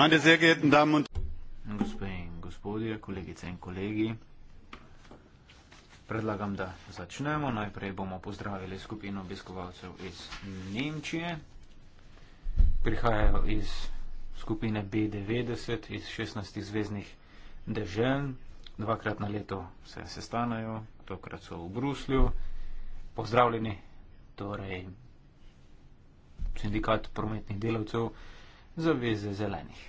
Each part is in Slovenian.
Meine sehr geehrten Damen und Gospe in gospodje, kolegice in kolegi, predlagam, da začnemo. Najprej bomo pozdravili skupino obiskovalcev iz Nemčije. Prihajajo iz skupine B90, iz 16 zvezdnih držav. Dvakrat na leto se sestanajo, tokrat so v Bruslju. Pozdravljeni, torej sindikat prometnih delavcev zaveze zelenih.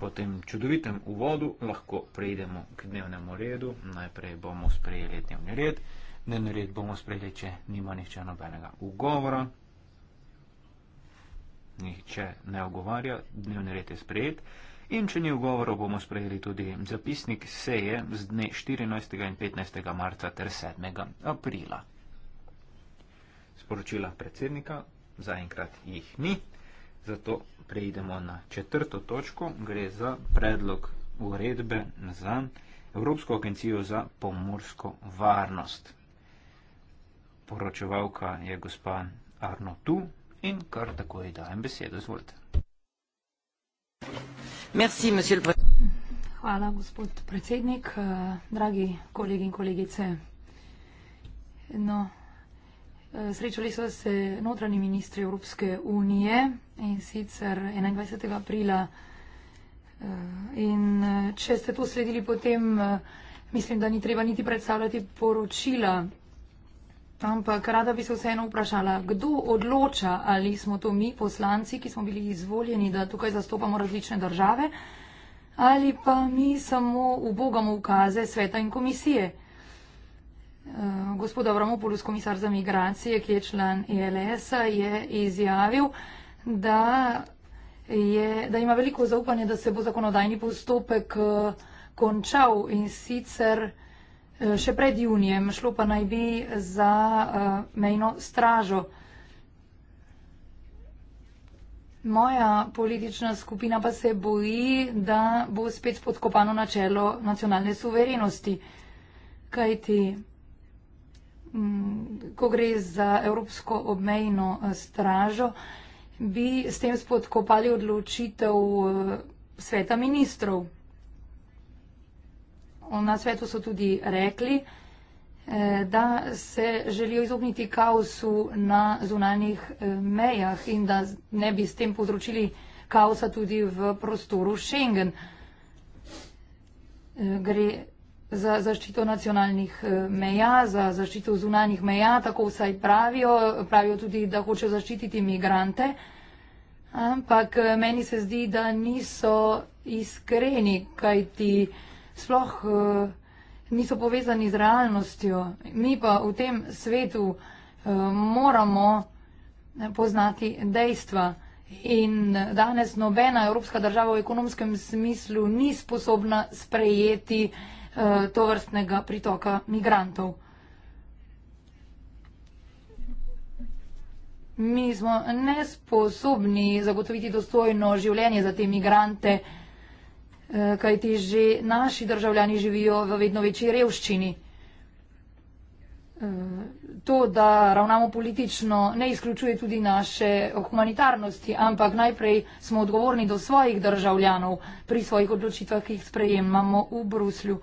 Po tem čudovitem uvodu lahko prejdemo k dnevnemu redu. Najprej bomo sprejeli dnevni red. Dnevni red bomo sprejeli, če nima nihče nobenega ugovora. Nihče ne ogovarja, dnevni red je sprejet. In če ni ugovora, bomo sprejeli tudi zapisnik seje z dne 14. in 15. marca ter 7. aprila sporočila predsednika, zaenkrat jih ni. Zato preidemo na četrto točko, gre za predlog uredbe za Evropsko agencijo za pomorsko varnost. Poročevalka je gospa Arno tu in kar takoj dajem besedo, izvolite. Merci, Hvala, gospod predsednik, eh, dragi kolegi in kolegice. No, Srečali so se notranji ministri Evropske unije in sicer 21. aprila. Eh, in eh, če ste to sledili potem, eh, mislim, da ni treba niti predstavljati poročila. Ampak rada bi se vseeno vprašala, kdo odloča, ali smo to mi, poslanci, ki smo bili izvoljeni, da tukaj zastopamo različne države, ali pa mi samo ubogamo ukaze sveta in komisije. Eh, gospod Avramopoulos, komisar za migracije, ki je član ILS-a, e je izjavil, da, je, da ima veliko zaupanje, da se bo zakonodajni postopek eh, končal in sicer eh, še pred junijem, šlo pa naj bi za mejno stražo. Moja politična skupina pa se boji, da bo spet podkopano načelo nacionalne suverenosti. Kaj ti? Mm, ko gre za Evropsko obmejno eh, stražo, bi s tem spodkopali odločitev eh, sveta ministrov. Na svetu so tudi rekli, eh, da se želijo izogniti kaosu na zunanjih mejah in da ne bi s tem povzročili kaosa tudi v prostoru Schengen. Gre za zaščito nacionalnih eh, meja, za zaščito zunanjih meja, tako vsaj pravijo. Pravijo tudi, da hoče zaščititi imigrante. Ampak eh, meni se zdi, da niso iskreni, kaj ti sploh eh, niso povezani z realnostjo. Mi pa v tem svetu moramo poznati dejstva. In danes nobena evropska država v ekonomskem smislu ni sposobna sprejeti uh, Eh, to vrstnega pritoka migrantov. Mi smo nesposobni zagotoviti dostojno življenje za te migrante, eh, kajti že naši državljani živijo v vedno večji revščini. Eh, to, da ravnamo politično, ne izključuje tudi naše humanitarnosti, ampak najprej smo odgovorni do svojih državljanov pri svojih odločitvah, ki jih sprejemamo v Bruslju.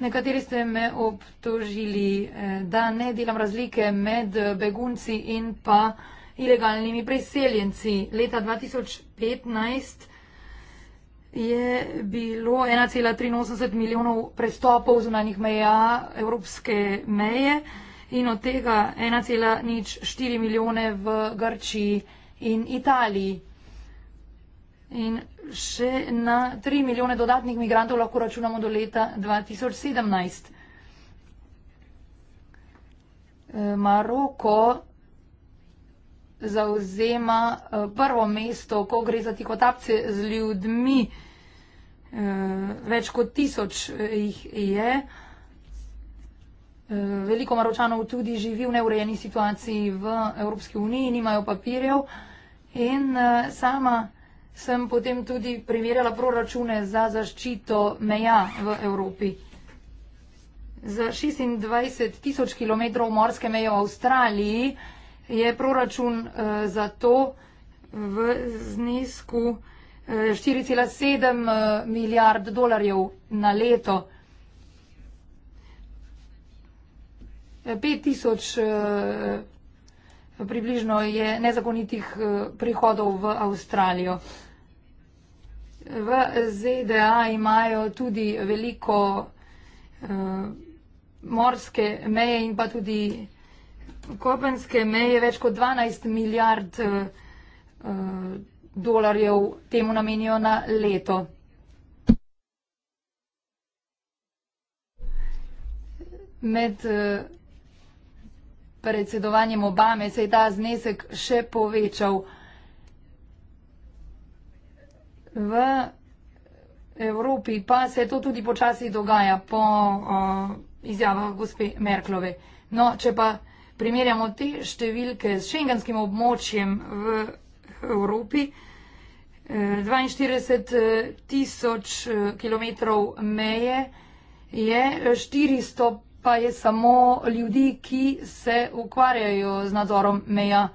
Nekateri ste me obtožili, eh, da ne delam razlike med begunci in pa ilegalnimi preseljenci. Leta 2015 je bilo 1,83 milijonov prestopov zunanjih meja evropske meje in od tega 1,04 milijone v Grčiji in Italiji. In še na 3 milijone dodatnih migrantov lahko računamo do leta 2017. Eh, Maroko zauzema eh, prvo mesto, ko gre za tihotapce z ljudmi. Eh, več kot tisoč jih je. Veliko maročanov tudi živi v neurejeni situaciji v Evropski uniji, nimajo papirjev in sama sem potem tudi primerjala proračune za zaščito meja v Evropi. Za 26 tisoč kilometrov morske meje v Avstraliji je proračun eh, za to v znesku 4,7 eh, eh, milijard dolarjev na leto. 5 tisoč približno je nezakonitih eh, prihodov v Avstralijo. V ZDA imajo tudi veliko uh, morske meje in pa tudi kopenske meje, več kot 12 milijard uh, dolarjev temu namenijo na leto. Med uh, predsedovanjem Obame se je ta znesek še povečal. V Evropi pa se to tudi počasi dogaja po uh, izjavah gospe Merklove. No, če pa primerjamo te številke s šengenskim območjem v Evropi, 42 eh, eh, tisoč eh, kilometrov meje je 400 pa je samo ljudi, ki se ukvarjajo z nadzorom meja.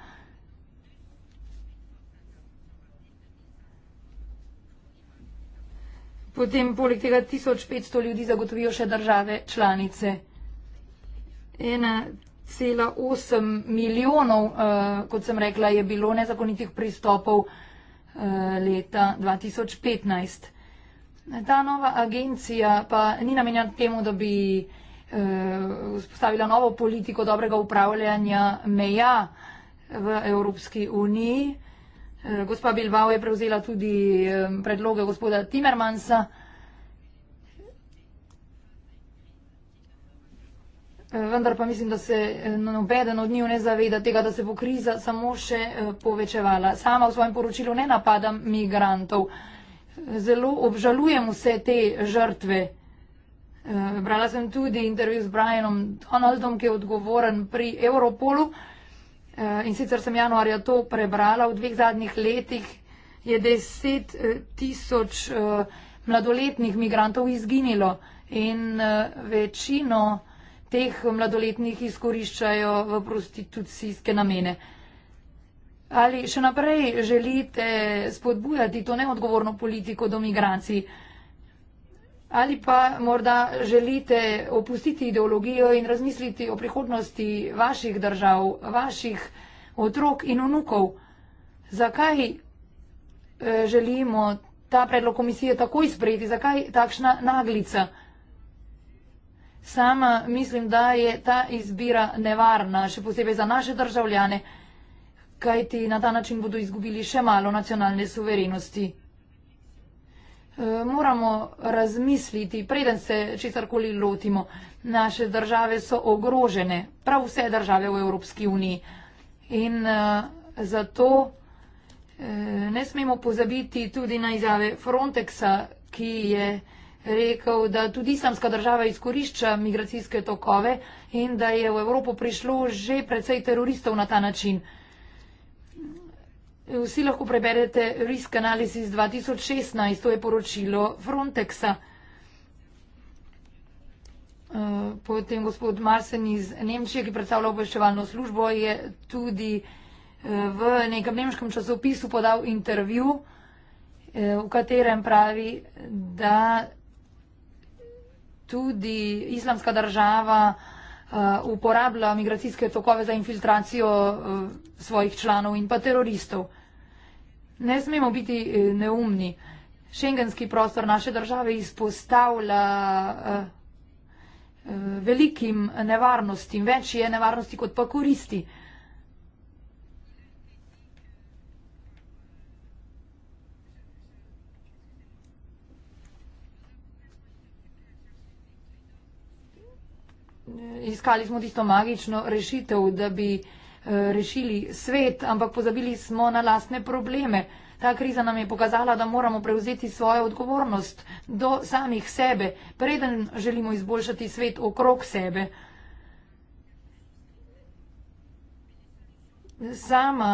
Potem poleg tega 1500 ljudi zagotovijo še države članice. 1,8 milijonov, uh, kot sem rekla, je bilo nezakonitih pristopov uh, leta 2015. Ta nova agencija pa ni namenjena temu, da bi uh, Eh, vzpostavila novo politiko dobrega upravljanja meja v Evropski uniji. Eh, gospa Bilbao je prevzela tudi eh, predloge gospoda Timmermansa. Vendar pa mislim, da se nobeden od njih ne zaveda tega, da se bo kriza samo še povečevala. Sama v svojem poročilu ne napadam migrantov. Zelo obžalujem vse te žrtve. Eh, brala sem tudi intervju s Brianom Donaldom, ki je odgovoren pri Europolu. Eh, in sicer sem januarja to prebrala. V dveh zadnjih letih je deset eh, tisoč mladoletnih migrantov izginilo in večino teh mladoletnih izkoriščajo v prostitucijske namene. Ali še naprej želite spodbujati to neodgovorno politiko do migracij? Ali pa morda želite opustiti ideologijo in razmisliti o prihodnosti vaših držav, vaših otrok in unukov? Zakaj eh, želimo ta predlog komisije takoj sprejeti? Zakaj takšna naglica? Sama mislim, da je ta izbira nevarna, še posebej za naše državljane, kajti na ta način bodo izgubili še malo nacionalne suverenosti. Eh, moramo razmisliti, preden se česarkoli lotimo. Naše države so ogrožene, prav vse države v Evropski uniji. In uh, zato eh, ne smemo pozabiti tudi na izjave Frontexa, ki je rekel, da tudi islamska država izkorišča migracijske tokove in da je v Evropo prišlo že precej teroristov na ta način. Uh, Vsi lahko preberete Risk Analysis 2016, to je poročilo Frontexa. Eh, potem gospod Marsen iz Nemčije, ki predstavlja obveščevalno službo, je tudi eh, v nekem nemškem časopisu podal intervju, eh, v katerem pravi, da tudi islamska država Uh, uporablja migracijske tokove za infiltracijo uh, svojih članov in pa teroristov. Ne smemo biti uh, neumni. Šengenski prostor naše države izpostavlja velikim nevarnostim, več je nevarnosti kot pa koristi. iskali smo tisto magično rešitev, da bi eh, rešili svet, ampak pozabili smo na lastne probleme. Ta kriza nam je pokazala, da moramo prevzeti svojo odgovornost do samih sebe, preden želimo izboljšati svet okrog sebe. Sama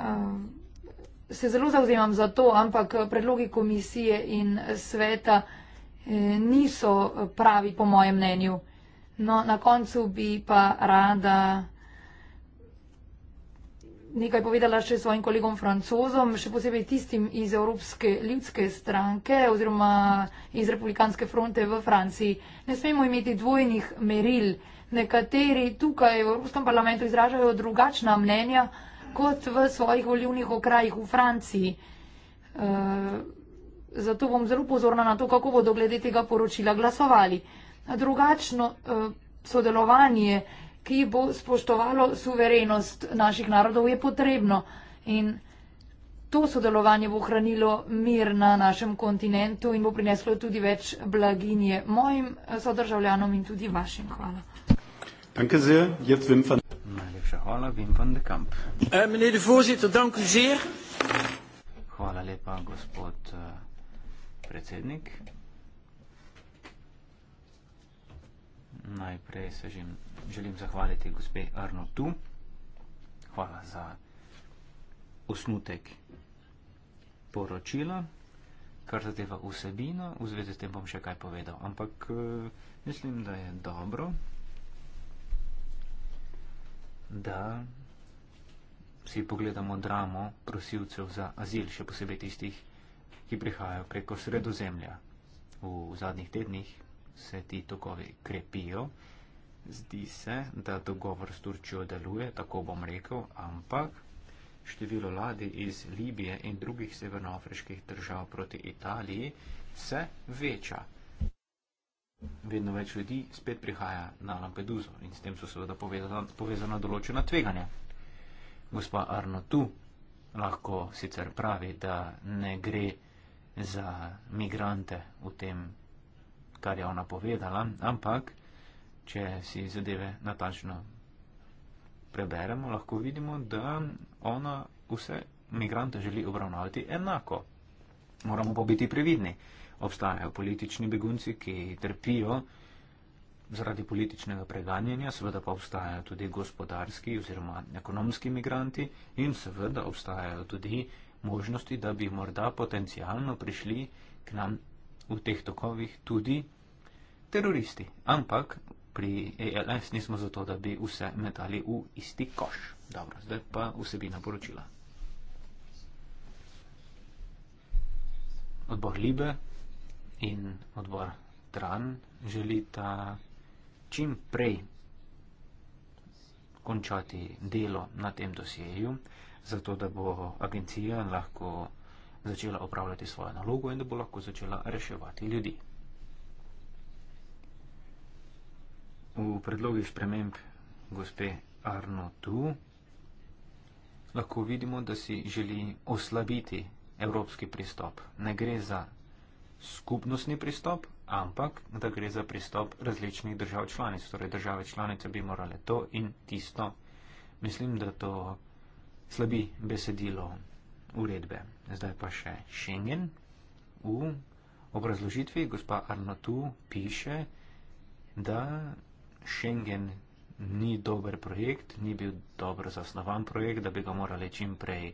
eh, se zelo zauzemam za to, ampak predlogi komisije in sveta eh, niso pravi, po mojem mnenju. No, na koncu bi pa rada nekaj povedala še svojim kolegom francozom, še posebej tistim iz Evropske ljudske stranke oziroma iz Republikanske fronte v Franciji. Ne smemo imeti dvojnih meril. Nekateri tukaj v Evropskem parlamentu izražajo drugačna mnenja kot v svojih volivnih okrajih v Franciji. E, zato bom zelo pozorna na to, kako bodo glede tega poročila glasovali drugačno eh, sodelovanje, ki bo spoštovalo suverenost naših narodov, je potrebno. In to sodelovanje bo hranilo mir na našem kontinentu in bo prineslo tudi več blaginje mojim eh, sodržavljanom in tudi vašim. Hvala. Danke sehr, jetzt Wim van Najlepša hvala, Wim van de Kamp. Uh, meneer de voorzitter, dank u zeer. Hvala lepa, gospod uh, predsednik. najprej se že želim zahvaliti gospe Arno tu. Hvala za osnutek poročila. Kar zadeva vsebino, v zvezi s tem bom še kaj povedal, ampak eh, mislim, da je dobro, da si pogledamo dramo prosilcev za azil, še posebej tistih, ki prihajajo preko sredozemlja. V zadnjih tednih se ti tokovi krepijo. Zdi se, da dogovor s Turčijo deluje, tako bom rekel, ampak število ladij iz Libije in drugih severnoafriških držav proti Italiji se veča. Vedno več ljudi spet prihaja na Lampeduzo in s tem so seveda povezana, povezana določena tveganja. Gospa Arno tu lahko sicer pravi, da ne gre za migrante v tem kar je ona povedala, ampak če si zadeve natančno preberemo, lahko vidimo, da ona vse migrante želi obravnavati enako. Moramo pa biti previdni. Obstajajo politični begunci, ki trpijo zaradi političnega preganjanja, seveda pa obstajajo tudi gospodarski oziroma ekonomski migranti in seveda obstajajo tudi možnosti, da bi morda potencialno prišli k nam v teh tokovih tudi teroristi. Ampak pri ALS nismo zato, da bi vse metali v isti koš. Dobro, zdaj pa vsebina poročila. Odbor Libe in odbor Tran želita čim prej končati delo na tem dosjeju, zato da bo agencija lahko začela opravljati svojo nalogo in da bo lahko začela reševati ljudi. V predlogi sprememb gospe Arno Tu lahko vidimo, da si želi oslabiti evropski pristop. Ne gre za skupnostni pristop, ampak da gre za pristop različnih držav članic. Torej države članice bi morale to in tisto. Mislim, da to slabi besedilo uredbe. Zdaj pa še Schengen. V obrazložitvi gospa Arnotu piše, da Schengen ni dober projekt, ni bil dobro zasnovan projekt, da bi ga morali čim prej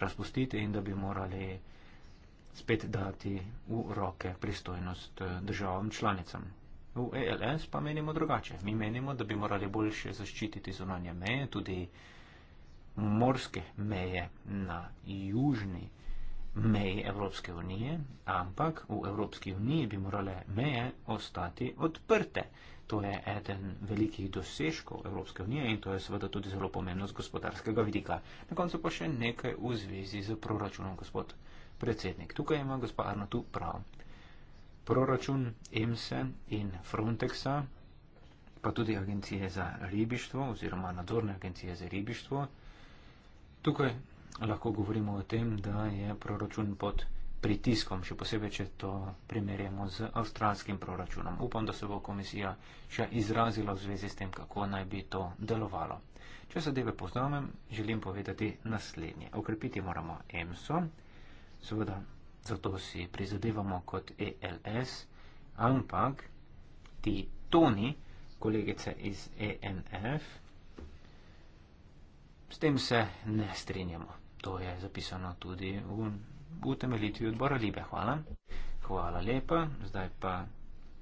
razpustiti in da bi morali spet dati v roke pristojnost eh, državam članicam. V ELS pa menimo drugače. Mi menimo, da bi morali boljše zaščititi zunanje meje, tudi morske meje na južni meji Evropske unije, ampak v Evropski uniji bi morale meje ostati odprte. To je eden velikih dosežkov Evropske unije in to je seveda tudi zelo pomembno z gospodarskega vidika. Na koncu pa še nekaj v zvezi z proračunom, gospod predsednik. Tukaj ima gospod Arnatu prav. Proračun EMSE in Frontexa, pa tudi Agencije za ribištvo oziroma nadzorne agencije za ribištvo, Tukaj lahko govorimo o tem, da je proračun pod pritiskom, še posebej, če to primerjamo z avstralskim proračunom. Upam, da se bo komisija še izrazila v zvezi s tem, kako naj bi to delovalo. Če zadeve poznamem, želim povedati naslednje. Okrepiti moramo EMSO, seveda zato si prizadevamo kot ELS, ampak ti toni, kolegice iz ENF, S tem se ne strinjamo. To je zapisano tudi v utemeljitvi odbora Libe. Hvala. Hvala lepa. Zdaj pa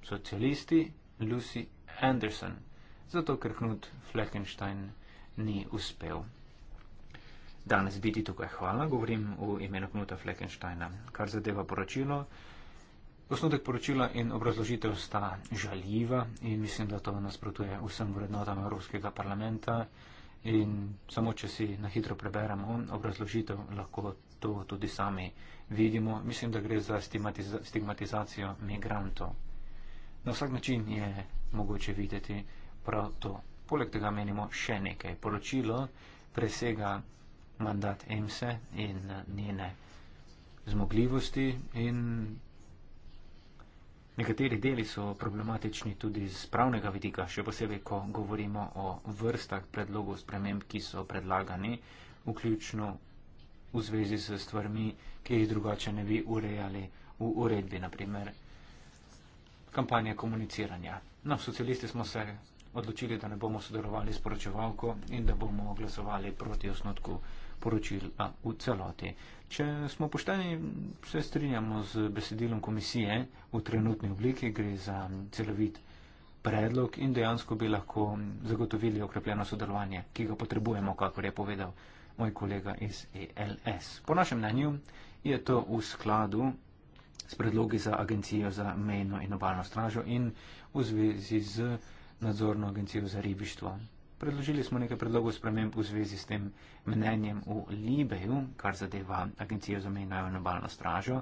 socialisti Lucy Anderson. Zato, ker Knut Fleckenstein ni uspel danes biti tukaj. Hvala. Govorim v imenu Knuta Fleckensteina. Kar zadeva poročilo, osnutek poročila in obrazložitev sta žaljiva in mislim, da to nasprotuje vsem vrednotam Evropskega parlamenta. In samo, če si na hitro preberemo obrazložitev, lahko to tudi sami vidimo. Mislim, da gre za stigmatiza stigmatizacijo migrantov. Na vsak način je mogoče videti prav to. Poleg tega menimo še nekaj. Poročilo presega mandat EMSE in njene zmogljivosti in Nekateri deli so problematični tudi z pravnega vidika, še posebej, ko govorimo o vrstah predlogov sprememb, ki so predlagani, vključno v zvezi s stvarmi, ki jih drugače ne bi urejali v uredbi, naprimer kampanje komuniciranja. No, socialisti smo se odločili, da ne bomo sodelovali s poročevalko in da bomo glasovali proti osnotku poročila v celoti. Če smo pošteni, se strinjamo z besedilom komisije v trenutni obliki, gre za celovit predlog in dejansko bi lahko zagotovili okrepljeno sodelovanje, ki ga potrebujemo, kako je povedal moj kolega iz ELS. Po našem mnenju je to v skladu s predlogi za Agencijo za mejno in obalno stražo in v zvezi z nadzorno agencijo za ribištvo predložili smo nekaj predlogov sprememb v zvezi s tem mnenjem v Libeju, kar zadeva Agencijo za mejno in obalno stražo.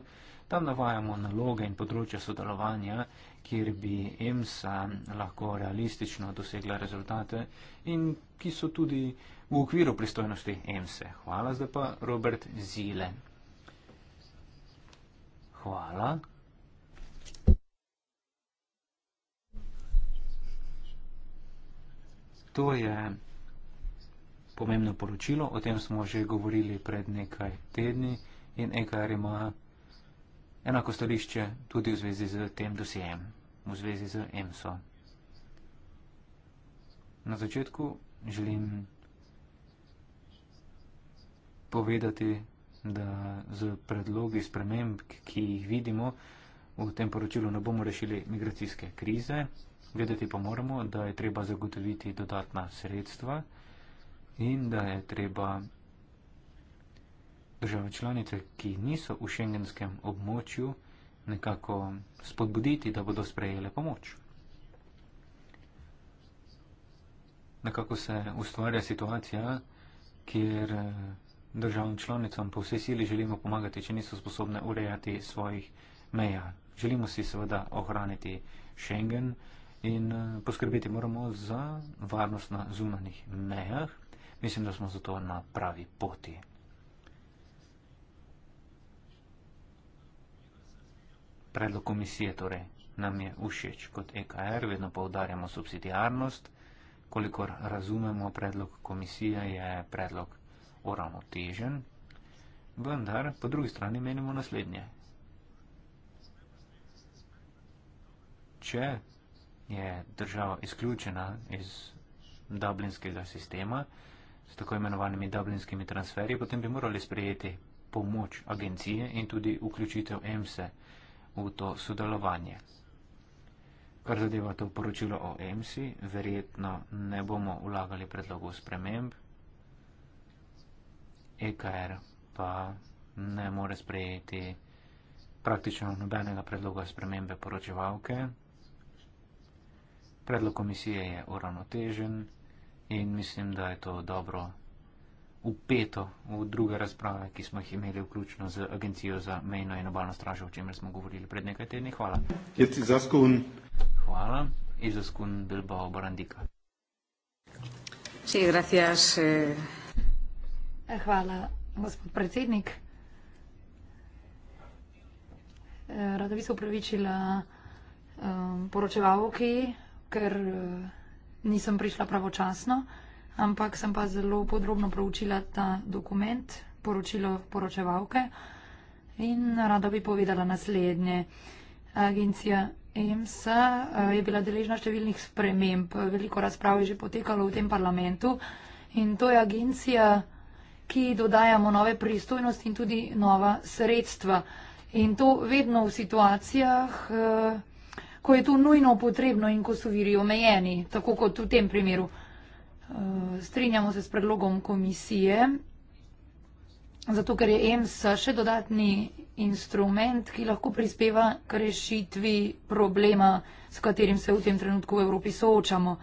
Tam navajamo naloge in področja sodelovanja, kjer bi EMSA lahko realistično dosegla rezultate in ki so tudi v okviru pristojnosti EMSE. Hvala zdaj pa Robert Zile. Hvala. To je pomembno poročilo, o tem smo že govorili pred nekaj tedni in EKR ima enako stališče tudi v zvezi z tem dosijem, v zvezi z EMSO. Na začetku želim povedati, da z predlogi sprememb, ki jih vidimo, v tem poročilu ne bomo rešili migracijske krize, Vedeti pa moramo, da je treba zagotoviti dodatna sredstva in da je treba države članice, ki niso v šengenskem območju, nekako spodbuditi, da bodo sprejele pomoč. Nekako se ustvarja situacija, kjer eh, državnim članicam po vsej sili želimo pomagati, če niso sposobne urejati svojih meja. Želimo si seveda ohraniti Schengen, in eh, poskrbeti moramo za varnost na zunanih mejah. Mislim, da smo zato na pravi poti. Predlog komisije torej nam je všeč kot EKR, vedno povdarjamo subsidijarnost. Kolikor razumemo, predlog komisije je predlog uravnotežen, vendar po drugi strani menimo naslednje. Če je država izključena iz dublinskega sistema s tako imenovanimi dublinskimi transferji, potem bi morali sprejeti pomoč agencije in tudi vključitev EMS-e v to sodelovanje. Kar zadeva to poročilo o EMS-i, verjetno ne bomo vlagali predlogov sprememb, EKR pa ne more sprejeti praktično nobenega predloga spremembe poročevalke, Predlog komisije je uravnotežen in mislim, da je to dobro upeto v druge razprave, ki smo jih imeli vključno z Agencijo za mejno in obalno stražo, o čemer smo govorili pred nekaj tedni. Hvala. Jeti zaskun. Hvala. I zaskun Bilbao Barandika. Sí, gracias. Eh. Hvala, gospod predsednik. Eh, rada bi se upravičila eh, poročevalki, ker eh, nisem prišla pravočasno, ampak sem pa zelo podrobno proučila ta dokument, poročilo poročevalke in rada bi povedala naslednje. Agencija EMSA eh, je bila deležna številnih sprememb, veliko razprav je že potekalo v tem parlamentu in to je agencija, ki dodajamo nove pristojnosti in tudi nova sredstva. In to vedno v situacijah, eh, ko je to nujno potrebno in ko so viri omejeni, tako kot v tem primeru. Eh, strinjamo se s predlogom komisije, zato ker je EMS še dodatni instrument, ki lahko prispeva k rešitvi problema, s katerim se v tem trenutku v Evropi soočamo.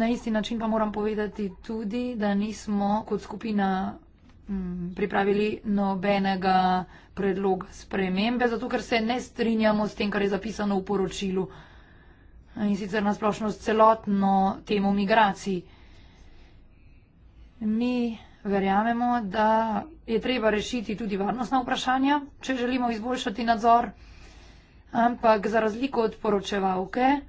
Na isti način pa moram povedati tudi, da nismo kot skupina Mm, pripravili nobenega predloga spremembe, zato ker se ne strinjamo s tem, kar je zapisano v poročilu in sicer nasplošno s celotno temo migracij. Mi verjamemo, da je treba rešiti tudi varnostna vprašanja, če želimo izboljšati nadzor, ampak za razliko od poročevalke, okay,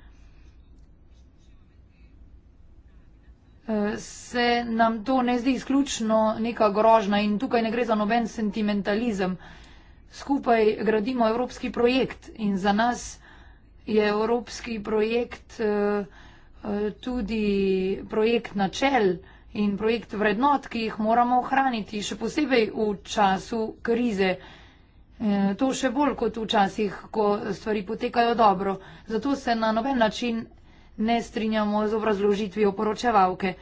se nam to ne zdi izključno neka grožna in tukaj ne gre za noben sentimentalizem. Skupaj gradimo evropski projekt in za nas je evropski projekt eh, eh, tudi projekt načel in projekt vrednot, ki jih moramo ohraniti, še posebej v času krize. Eh, to še bolj kot včasih, ko stvari potekajo dobro. Zato se na noben način ne strinjamo z obrazložitvijo poročevalke.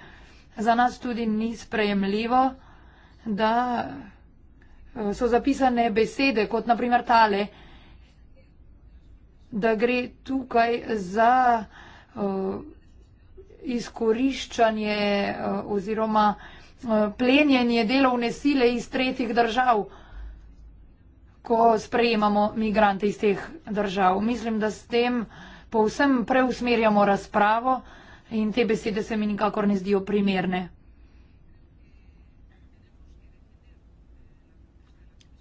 Za nas tudi ni sprejemljivo, da eh, so zapisane besede, kot naprimer tale, da gre tukaj za uh, izkoriščanje uh, oziroma plenjenje delovne sile iz tretjih držav, ko sprejemamo migrante iz teh držav. Mislim, da s tem uh, povsem preusmerjamo razpravo in te besede se mi nikakor ne zdijo primerne.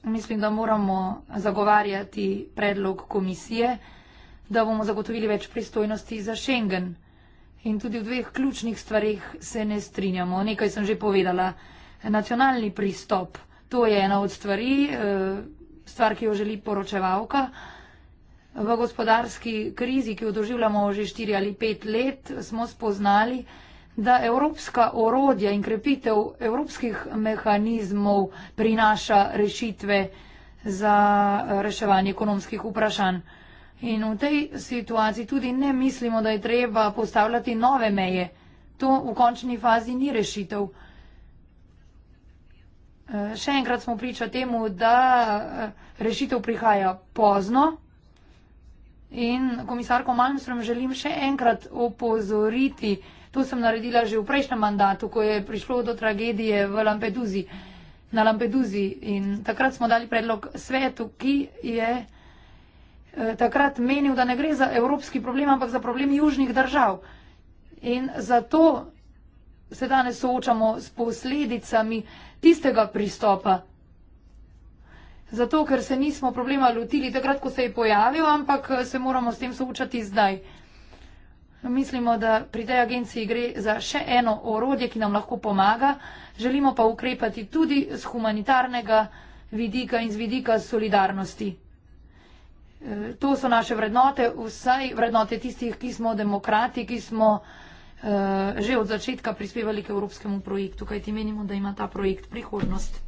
Mislim, da moramo zagovarjati predlog komisije, da bomo zagotovili več pristojnosti za Schengen. In tudi v dveh ključnih stvarih se ne strinjamo. Nekaj sem že povedala. Nacionalni pristop, to je ena od stvari, eh, stvar, ki jo želi poročevalka. V gospodarski krizi, ki jo doživljamo že štiri ali pet let, smo spoznali, da evropska orodja in krepitev evropskih mehanizmov prinaša rešitve za reševanje ekonomskih vprašanj. In v tej situaciji tudi ne mislimo, da je treba postavljati nove meje. To v končni fazi ni rešitev. Eh, še enkrat smo priča temu, da eh, rešitev prihaja pozno. In komisarko Malmström želim še enkrat opozoriti, to sem naredila že v prejšnjem mandatu, ko je prišlo do tragedije v Lampeduzi, na Lampeduzi. In takrat smo dali predlog svetu, ki je eh, takrat menil, da ne gre za evropski problem, ampak za problem južnih držav. In zato se danes soočamo s posledicami tistega pristopa, zato ker se nismo problema lotili takrat, ko se je pojavil, ampak eh, se moramo s tem soočati zdaj. Mislimo, da pri tej agenciji gre za še eno orodje, ki nam lahko pomaga, želimo pa ukrepati tudi z humanitarnega vidika in z vidika solidarnosti. Eh, to so naše vrednote, vsaj vrednote tistih, ki smo demokrati, ki smo eh, že od začetka prispevali k evropskemu projektu, kajti menimo, da ima ta projekt prihodnost.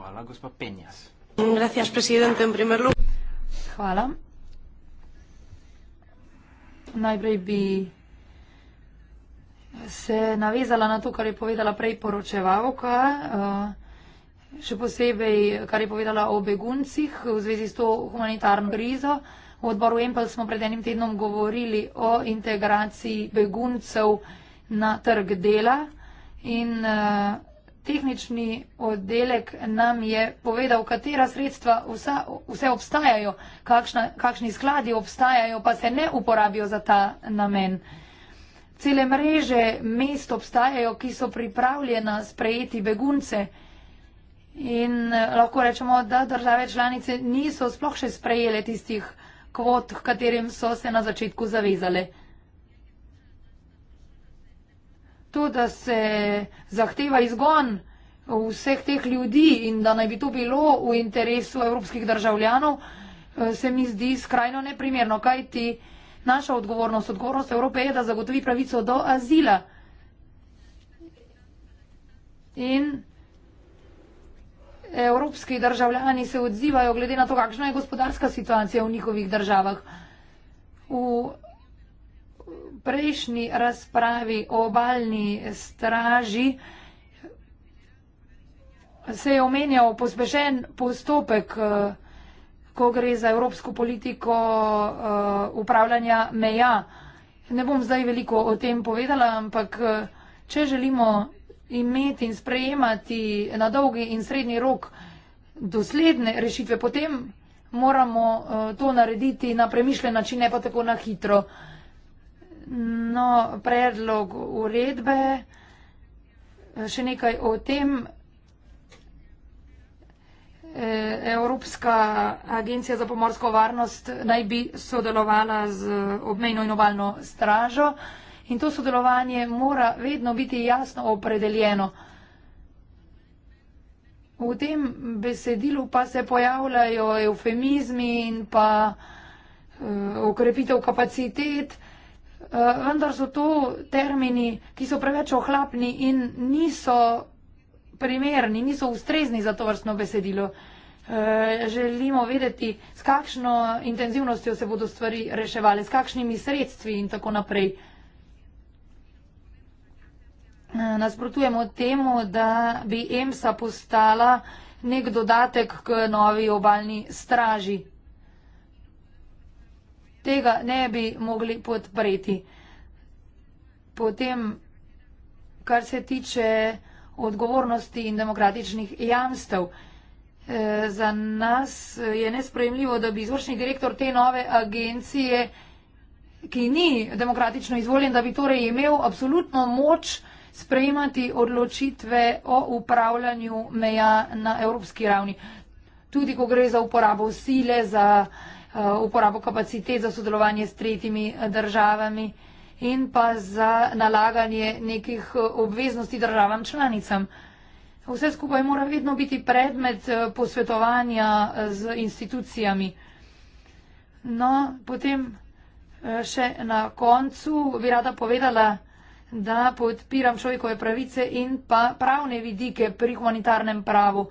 Hvala, gospa Penjas. Gracias, presidente, en primer lugar. Hvala. Najprej bi se navezala na to, kar je povedala prej poročevalka, eh, še posebej, kar je povedala o beguncih v zvezi s to humanitarno krizo. V odboru Empel smo pred enim tednom govorili o integraciji beguncev na trg dela in eh, tehnični oddelek nam je povedal, katera sredstva vsa, vse obstajajo, kakšna, kakšni skladi obstajajo, pa se ne uporabijo za ta namen. Cele mreže mest obstajajo, ki so pripravljena sprejeti begunce. In lahko rečemo, da države članice niso sploh še sprejele tistih kvot, katerim so se na začetku zavezale. to, da se zahteva izgon vseh teh ljudi in da naj bi to bilo v interesu evropskih državljanov, eh, se mi zdi skrajno neprimerno, kajti naša odgovornost, odgovornost Evrope je, da zagotovi pravico do azila. In evropski državljani se odzivajo glede na to, kakšna je gospodarska situacija v njihovih državah. V prejšnji razpravi o obalni straži se je omenjal pospešen postopek, eh, ko gre za evropsko politiko eh, upravljanja meja. Ne bom zdaj veliko o tem povedala, ampak eh, če želimo imeti in sprejemati na dolgi in srednji rok dosledne rešitve, potem moramo to narediti na premišljen način, ne pa tako na hitro. No, predlog uredbe, še nekaj o tem. E, Evropska agencija za pomorsko varnost naj bi sodelovala z obmejno in obalno stražo in to sodelovanje mora vedno biti jasno opredeljeno. V tem besedilu pa se pojavljajo eufemizmi in pa uh, okrepitev kapacitet. Uh, Eh, vendar so to termini, ki so preveč ohlapni in niso primerni, niso ustrezni za to vrstno besedilo. Eh, želimo vedeti, s kakšno intenzivnostjo se bodo stvari reševali, s kakšnimi sredstvi in tako naprej. Eh, nasprotujemo temu, da bi EMSA postala nek dodatek k novi obaljni straži tega ne bi mogli podpreti. Potem, kar se tiče odgovornosti in demokratičnih jamstev, eh, za nas je nespremljivo, da bi izvršni direktor te nove agencije, ki ni demokratično izvoljen, da bi torej imel absolutno moč sprejemati odločitve o upravljanju meja na evropski ravni. Tudi, ko gre za uporabo sile, za Eh, uporabo kapacitet za sodelovanje s tretjimi eh, državami in pa za nalaganje nekih eh, obveznosti državam članicam. Vse skupaj mora vedno biti predmet posvetovanja z institucijami. No, potem še na koncu bi rada povedala, da podpiram človekove pravice in pa pravne vidike pri humanitarnem pravu.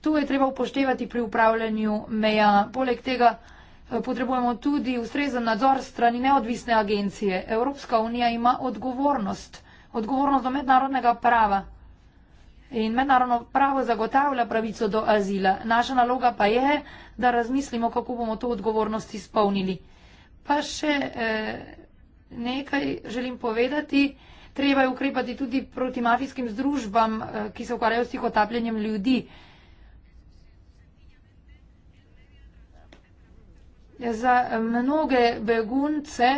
Tu je treba upoštevati pri upravljanju meja. Poleg tega eh, potrebujemo tudi ustrezen nadzor strani neodvisne agencije. Evropska unija ima odgovornost, odgovornost do mednarodnega prava. In mednarodno pravo zagotavlja pravico do azila. Naša naloga pa je, da razmislimo, kako bomo to odgovornost izpolnili. Pa še eh, nekaj želim povedati. Treba je ukrepati tudi proti mafijskim združbam, eh, ki se ukvarjajo s tih otapljanjem ljudi. Za mnoge begunce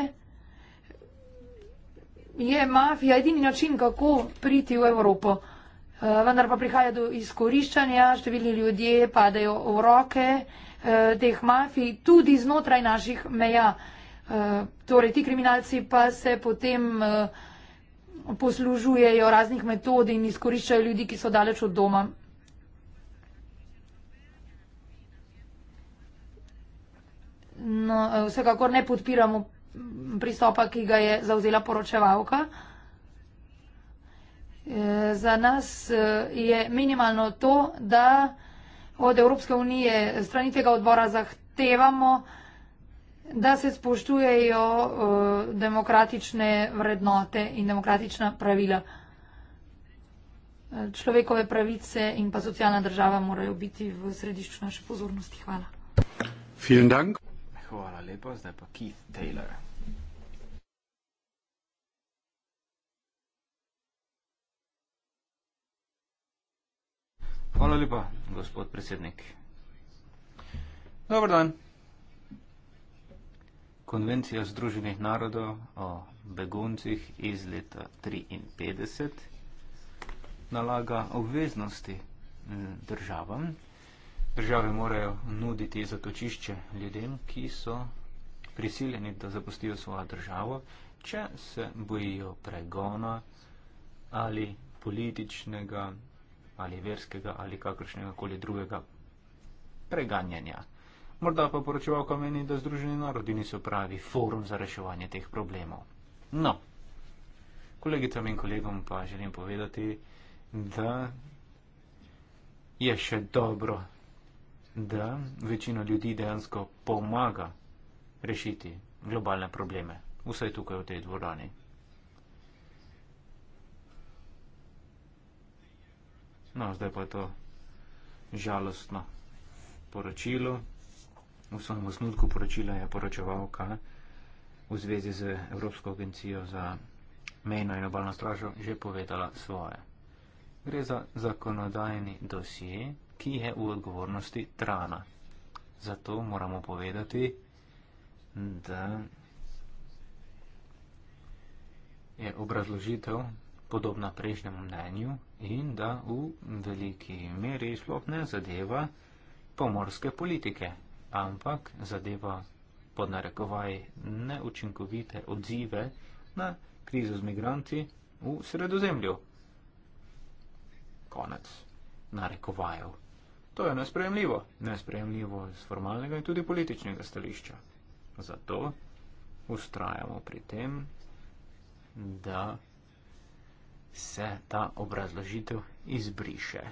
je mafija edini način, kako priti v Evropo. Eh, vendar pa prihaja do izkoriščanja, številni ljudje padajo v roke eh, teh mafij tudi znotraj naših meja. Eh, torej, ti kriminalci pa se potem poslužujejo raznih metod in izkoriščajo ljudi, ki so daleč od doma. no, eh, vsekakor ne podpiramo pristopa, ki ga je zauzela poročevalka. Eh, za nas eh, je minimalno to, da od Evropske unije strani tega odbora zahtevamo, da se spoštujejo demokratične vrednote in demokratična pravila. Človekove pravice in pa socialna država morajo biti v središču naše pozornosti. Hvala. Vielen Dank. Hvala lepa, zdaj pa Keith Taylor. Hvala lepa, gospod predsednik. Dobro dan. Konvencija Združenih narodov o beguncih iz leta 1953 nalaga obveznosti mm, državam, Države morajo nuditi zatočišče ljudem, ki so prisiljeni, da zapustijo svojo državo, če se bojijo pregona ali političnega ali verskega ali kakršnega koli drugega preganjanja. Morda pa poročevalka meni, da Združeni narodi niso pravi forum za reševanje teh problemov. No, kolegicam in kolegom pa želim povedati, da je še dobro, da večina ljudi dejansko pomaga rešiti globalne probleme. Vse je tukaj v tej dvorani. No, zdaj pa je to žalostno poročilo. V svojem osnutku poročila je poročevalka v zvezi z Evropsko agencijo za mejno in obalno stražo že povedala svoje. Gre za zakonodajni dosje, ki je v odgovornosti trana. Zato moramo povedati, da je obrazložitev podobna prejšnjemu mnenju in da v veliki meri sploh ne zadeva pomorske politike, ampak zadeva pod narekovaj neučinkovite odzive na krizo z migranti v sredozemlju. Konec narekovajev. To je nesprejemljivo. Nesprejemljivo iz formalnega in tudi političnega stališča. Zato ustrajamo pri tem, da se ta obrazložitev izbriše.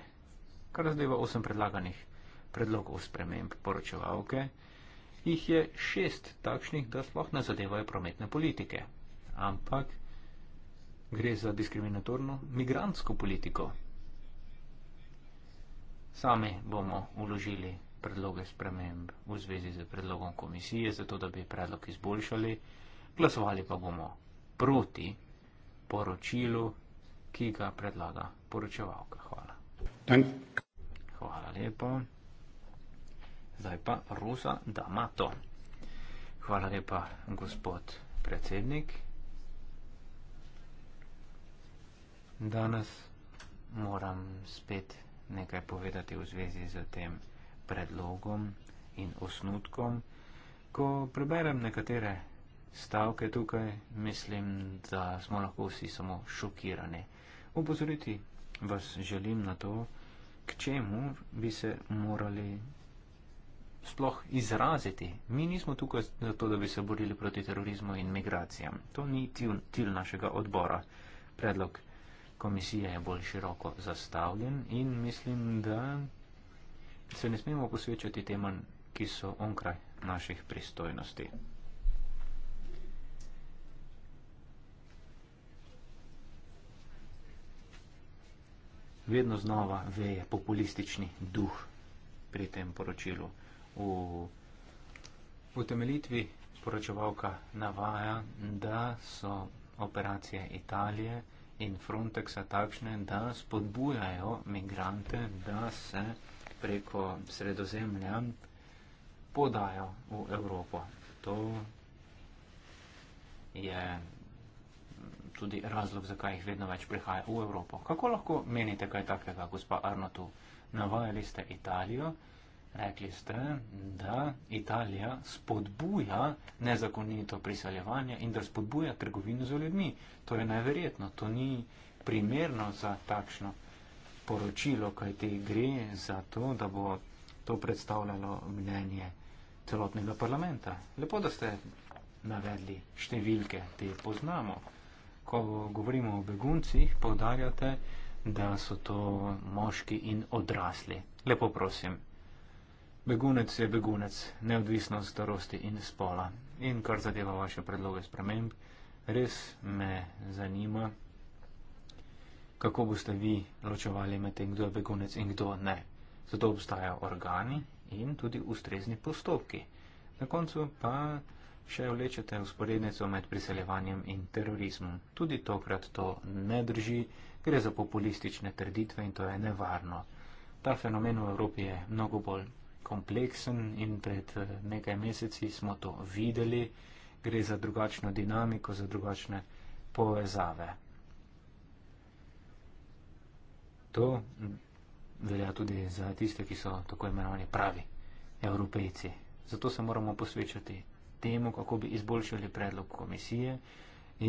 Kar zadeva osem predlaganih predlogov sprememb poročevalke, jih je šest takšnih, da sploh ne zadevajo prometne politike. Ampak gre za diskriminatorno migransko politiko. Sami bomo uložili predloge sprememb v zvezi z predlogom komisije, zato da bi predlog izboljšali. Glasovali pa bomo proti poročilu, ki ga predlaga poročevalka. Hvala. Hvala lepo. Zdaj pa Rusa Damato. Hvala lepa, gospod predsednik. Danes moram spet nekaj povedati v zvezi z tem predlogom in osnutkom. Ko preberem nekatere stavke tukaj, mislim, da smo lahko vsi samo šokirani. Upozoriti vas želim na to, k čemu bi se morali sploh izraziti. Mi nismo tukaj zato, da bi se borili proti terorizmu in migracijam. To ni cilj našega odbora. Predlog komisije je bolj široko zastavljen in mislim, da se ne smemo posvečati temam, ki so onkraj naših pristojnosti. Vedno znova veje populistični duh pri tem poročilu. V utemelitvi poročevalka navaja, da so operacije Italije in Frontexa takšne, da spodbujajo migrante, da se preko sredozemlja podajo v Evropo. To je tudi razlog, zakaj jih vedno več prihaja v Evropo. Kako lahko menite kaj takega, gospa Arno, tu navajali ste Italijo? Rekli ste, da Italija spodbuja nezakonito priseljevanje in da spodbuja trgovino z ljudmi. To je najverjetno, to ni primerno za takšno poročilo, kaj te gre za to, da bo to predstavljalo mnenje celotnega parlamenta. Lepo, da ste navedli številke, te poznamo. Ko govorimo o beguncih, povdarjate, da so to moški in odrasli. Lepo prosim. Begunec je begunec, neodvisno od starosti in spola. In kar zadeva vaše predloge sprememb, res me zanima, kako boste vi ločevali med tem, kdo je begunec in kdo ne. Zato obstajajo organi in tudi ustrezni postopki. Na koncu pa še vlečete usporednico med priseljevanjem in terorizmom. Tudi tokrat to ne drži, gre za populistične trditve in to je nevarno. Ta fenomen v Evropi je mnogo bolj kompleksen in pred eh, nekaj meseci smo to videli. Gre za drugačno dinamiko, za drugačne povezave. To velja tudi za tiste, ki so tako imenovani pravi evropejci. Zato se moramo posvečati temu, kako bi izboljšali predlog komisije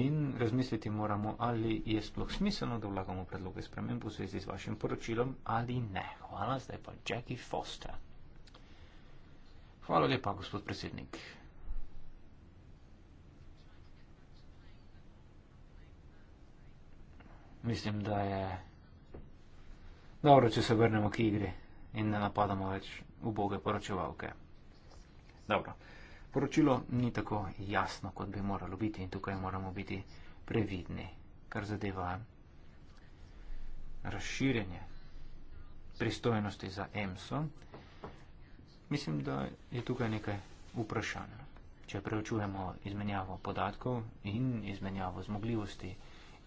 in razmisliti moramo, ali je sploh smiselno, da vlagamo predloge spremembo v zvezi z vašim poročilom ali ne. Hvala, zdaj pa Jackie Foster. Hvala lepa, gospod predsednik. Mislim, da je dobro, če se vrnemo k igri in ne napadamo več uboge poročevalke. Dobro. Poročilo ni tako jasno, kot bi moralo biti in tukaj moramo biti previdni, kar zadeva razširjenje pristojnosti za EMSO. Mislim, da je tukaj nekaj vprašanja. Če preučujemo izmenjavo podatkov in izmenjavo zmogljivosti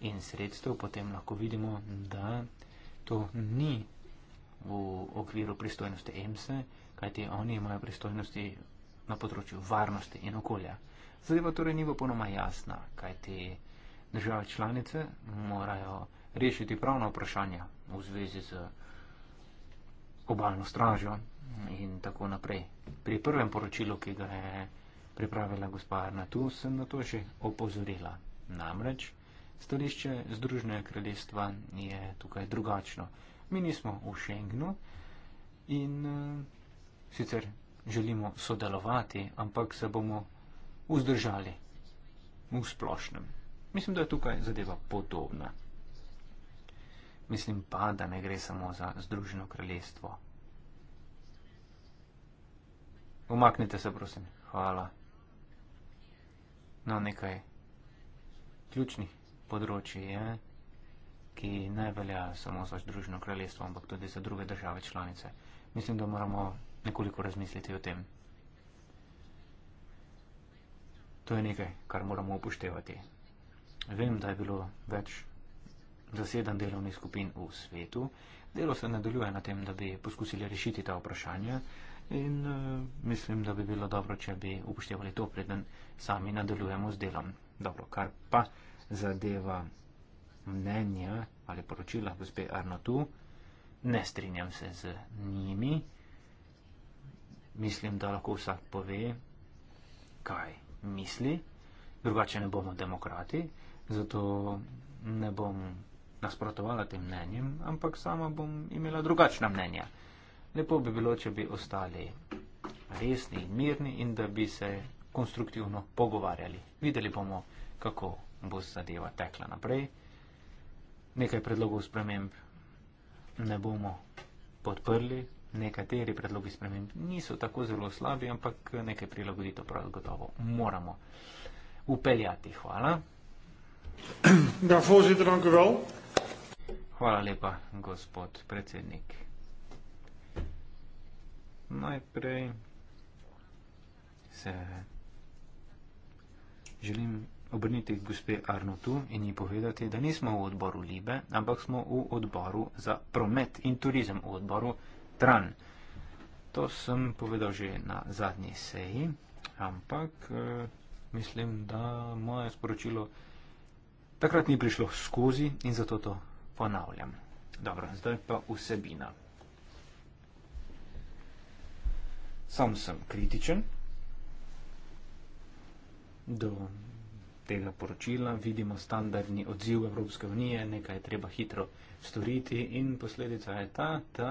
in sredstev, potem lahko vidimo, da to ni v okviru pristojnosti EMS-a, kajti oni imajo pristojnosti na področju varnosti in okolja. Zadeva torej ni popolnoma jasna, kajti države članice morajo rešiti pravna vprašanja v zvezi z obalno stražo in tako naprej. Pri prvem poročilu, ki ga je pripravila gospa Arnatu, sem na to že opozorila. Namreč, stališče Združenega kraljestva je tukaj drugačno. Mi nismo v Schengnu in uh, sicer želimo sodelovati, ampak se bomo vzdržali v splošnem. Mislim, da je tukaj zadeva podobna. Mislim pa, da ne gre samo za Združeno kraljestvo. Umaknite se, prosim. Hvala. No, nekaj ključnih področji je, ki ne velja samo za Združeno kraljestvo, ampak tudi za druge države članice. Mislim, da moramo nekoliko razmisliti o tem. To je nekaj, kar moramo upoštevati. Vem, da je bilo več za sedem delovnih skupin v svetu. Delo se nadaljuje na tem, da bi poskusili rešiti ta vprašanja in uh, mislim, da bi bilo dobro, če bi upoštevali to, preden sami nadaljujemo z delom. Dobro, kar pa zadeva mnenja ali poročila gospe Arnotu, ne strinjam se z njimi. Mislim, da lahko vsak pove, kaj misli. Drugače ne bomo demokrati, zato ne bom nasprotovala tem mnenjem, ampak sama bom imela drugačna mnenja. Lepo bi bilo, če bi ostali resni in mirni in da bi se konstruktivno pogovarjali. Videli bomo, kako bo zadeva tekla naprej. Nekaj predlogov sprememb ne bomo podprli, nekateri predlogi sprememb niso tako zelo slabi, ampak nekaj prilagoditev prav gotovo moramo upeljati. Hvala. Ja, voorzitter, dank u wel. Hvala lepa, gospod predsednik. Najprej se želim obrniti k gospe Arnotu in ji povedati, da nismo v odboru Libe, ampak smo v odboru za promet in turizem, v odboru Tran. To sem povedal že na zadnji seji, ampak eh, mislim, da moje sporočilo takrat ni prišlo skozi in zato to ponavljam. Dobro, zdaj pa vsebina. Sam sem kritičen do tega poročila, vidimo standardni odziv Evropske unije, nekaj je treba hitro storiti in posledica je ta, da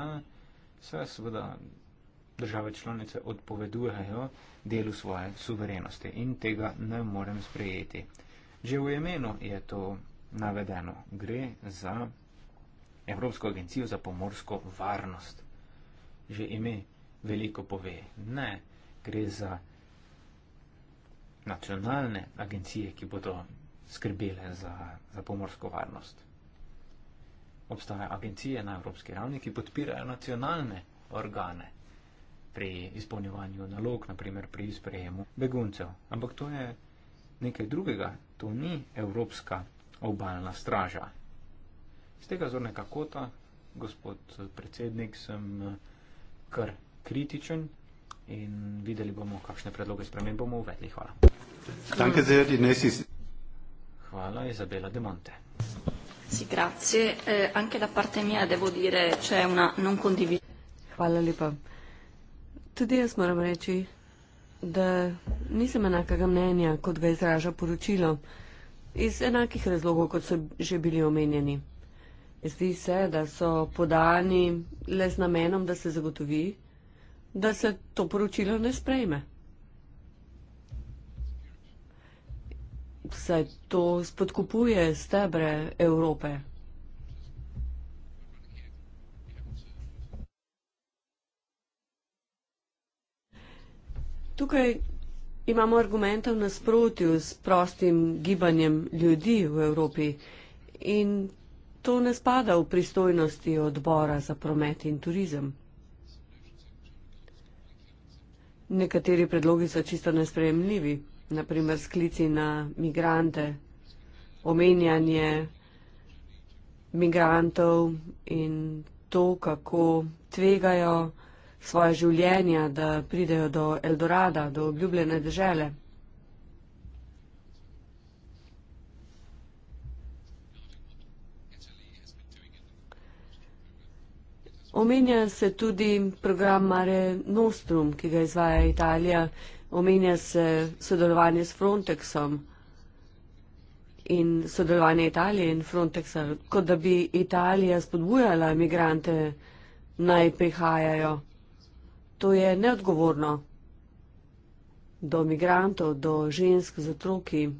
se seveda države članice odpovedujejo delu svoje suverenosti in tega ne morem sprejeti. Že v imenu je to navedeno. Gre za Evropsko agencijo za pomorsko varnost. Že ime veliko pove. Ne, gre za nacionalne agencije, ki bodo skrbele za, za pomorsko varnost. Obstajajo agencije na evropski ravni, ki podpirajo nacionalne organe pri izpolnjevanju nalog, naprimer pri sprejemu beguncev. Ampak to je nekaj drugega. To ni evropska obaljna straža. Z tega zornega kota, gospod predsednik, sem eh, kar kritičen in videli bomo, kakšne predloge spremen bomo uvedli. Hvala. Danke sehr, die nächste... Hvala, Izabela De Monte. Sì, grazie. Eh, anche da parte mia devo dire c'è una non condivisione. Hvala lepa. Tudi jaz moram reči, da nisem enakega mnenja, kot ga izraža poročilo iz enakih razlogov, kot so že bili omenjeni. Zdi se, da so podani le z namenom, da se zagotovi, da se to poročilo ne sprejme. Vse to spodkupuje stebre Evrope. Tukaj imamo argumente v nasprotju s prostim gibanjem ljudi v Evropi in to ne spada v pristojnosti odbora za promet in turizem. Nekateri predlogi so čisto nespremljivi, naprimer sklici na migrante, omenjanje migrantov in to, kako tvegajo, svoje življenja, da pridejo do Eldorada, do obljubljene dežele? Omenja se tudi program Mare Nostrum, ki ga izvaja Italija, omenja se sodelovanje s Frontexom in sodelovanje Italije in Frontexa, kot da bi Italija spodbujala imigrante, naj prihajajo. To je neodgovorno do migrantov, do žensk z otroki.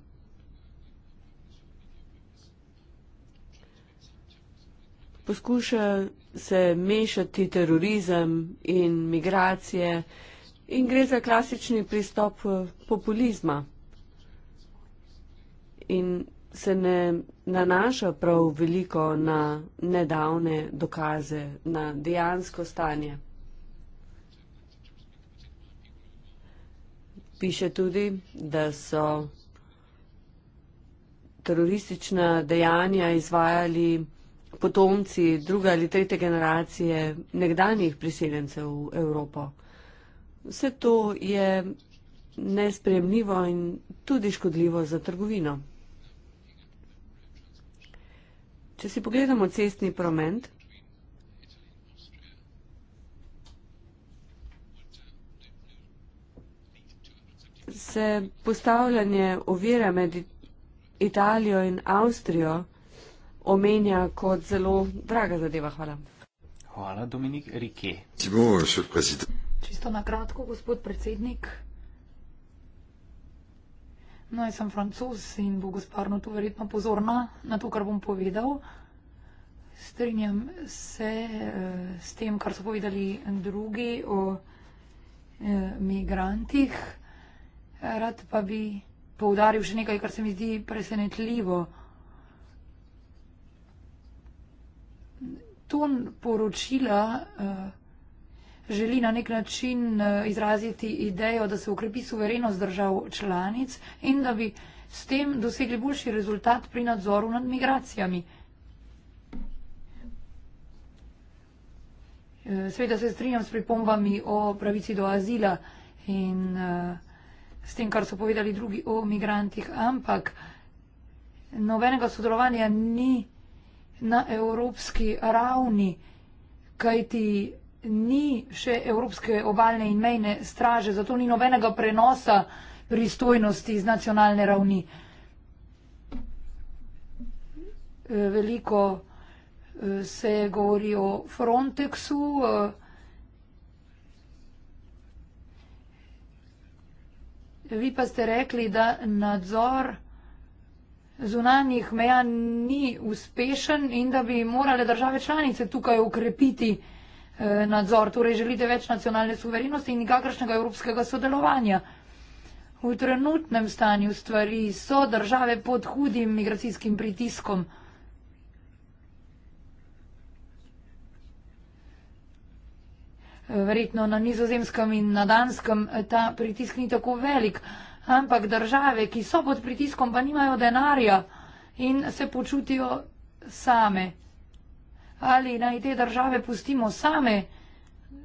Poskuša se mešati terorizem in migracije in gre za klasični pristop eh, populizma in se ne nanaša prav veliko na nedavne dokaze, na dejansko stanje. piše tudi, da so teroristična dejanja izvajali potomci druge ali trete generacije nekdanjih priseljencev v Evropo. Vse to je nespremljivo in tudi škodljivo za trgovino. Če si pogledamo cestni promet, se postavljanje ovira med Italijo in Avstrijo omenja kot zelo draga zadeva. Hvala. Hvala, Dominik Rike. Čisto na kratko, gospod predsednik. No, jaz sem francos in bo gospodarno tu verjetno pozorna na to, kar bom povedal. Strinjam se eh, s tem, kar so povedali drugi o eh, migrantih. Rad pa bi poudaril še nekaj, kar se mi zdi presenetljivo. Ton poročila eh, želi na nek način eh, izraziti idejo, da se ukrepi suverenost držav članic in da bi s tem dosegli boljši rezultat pri nadzoru nad migracijami. Eh, Sveda se strinjam s pripombami o pravici do azila in uh, s tem, kar so povedali drugi o migrantih, ampak nobenega sodelovanja ni na evropski ravni, kajti ni še evropske obalne in mejne straže, zato ni nobenega prenosa pristojnosti z nacionalne ravni. Veliko eh, se govori o Frontexu, eh, Vi pa ste rekli, da nadzor zunanjih meja ni uspešen in da bi morale države članice tukaj ukrepiti eh, nadzor. Torej želite več nacionalne suverenosti in nikakršnega evropskega sodelovanja. V trenutnem stanju stvari so države pod hudim migracijskim pritiskom. verjetno na nizozemskem in na danskem ta pritisk ni tako velik, ampak države, ki so pod pritiskom, pa nimajo denarja in se počutijo same. Ali naj te države pustimo same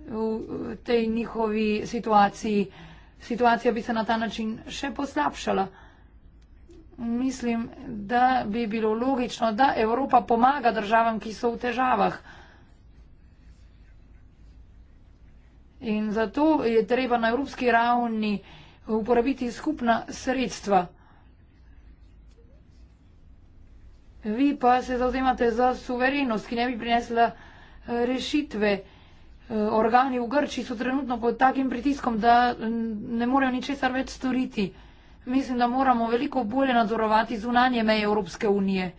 v tej njihovi situaciji? Situacija bi se na ta način še poslabšala. Mislim, da bi bilo logično, da Evropa pomaga državam, ki so v težavah. In zato je treba na evropski ravni uporabiti skupna sredstva. Vi pa se zauzemate za suverenost, ki ne bi prinesla eh, rešitve. Eh, organi v Grči so trenutno pod takim pritiskom, da ne morejo ničesar več storiti. Mislim, da moramo veliko bolje nadzorovati zunanje meje Evropske unije.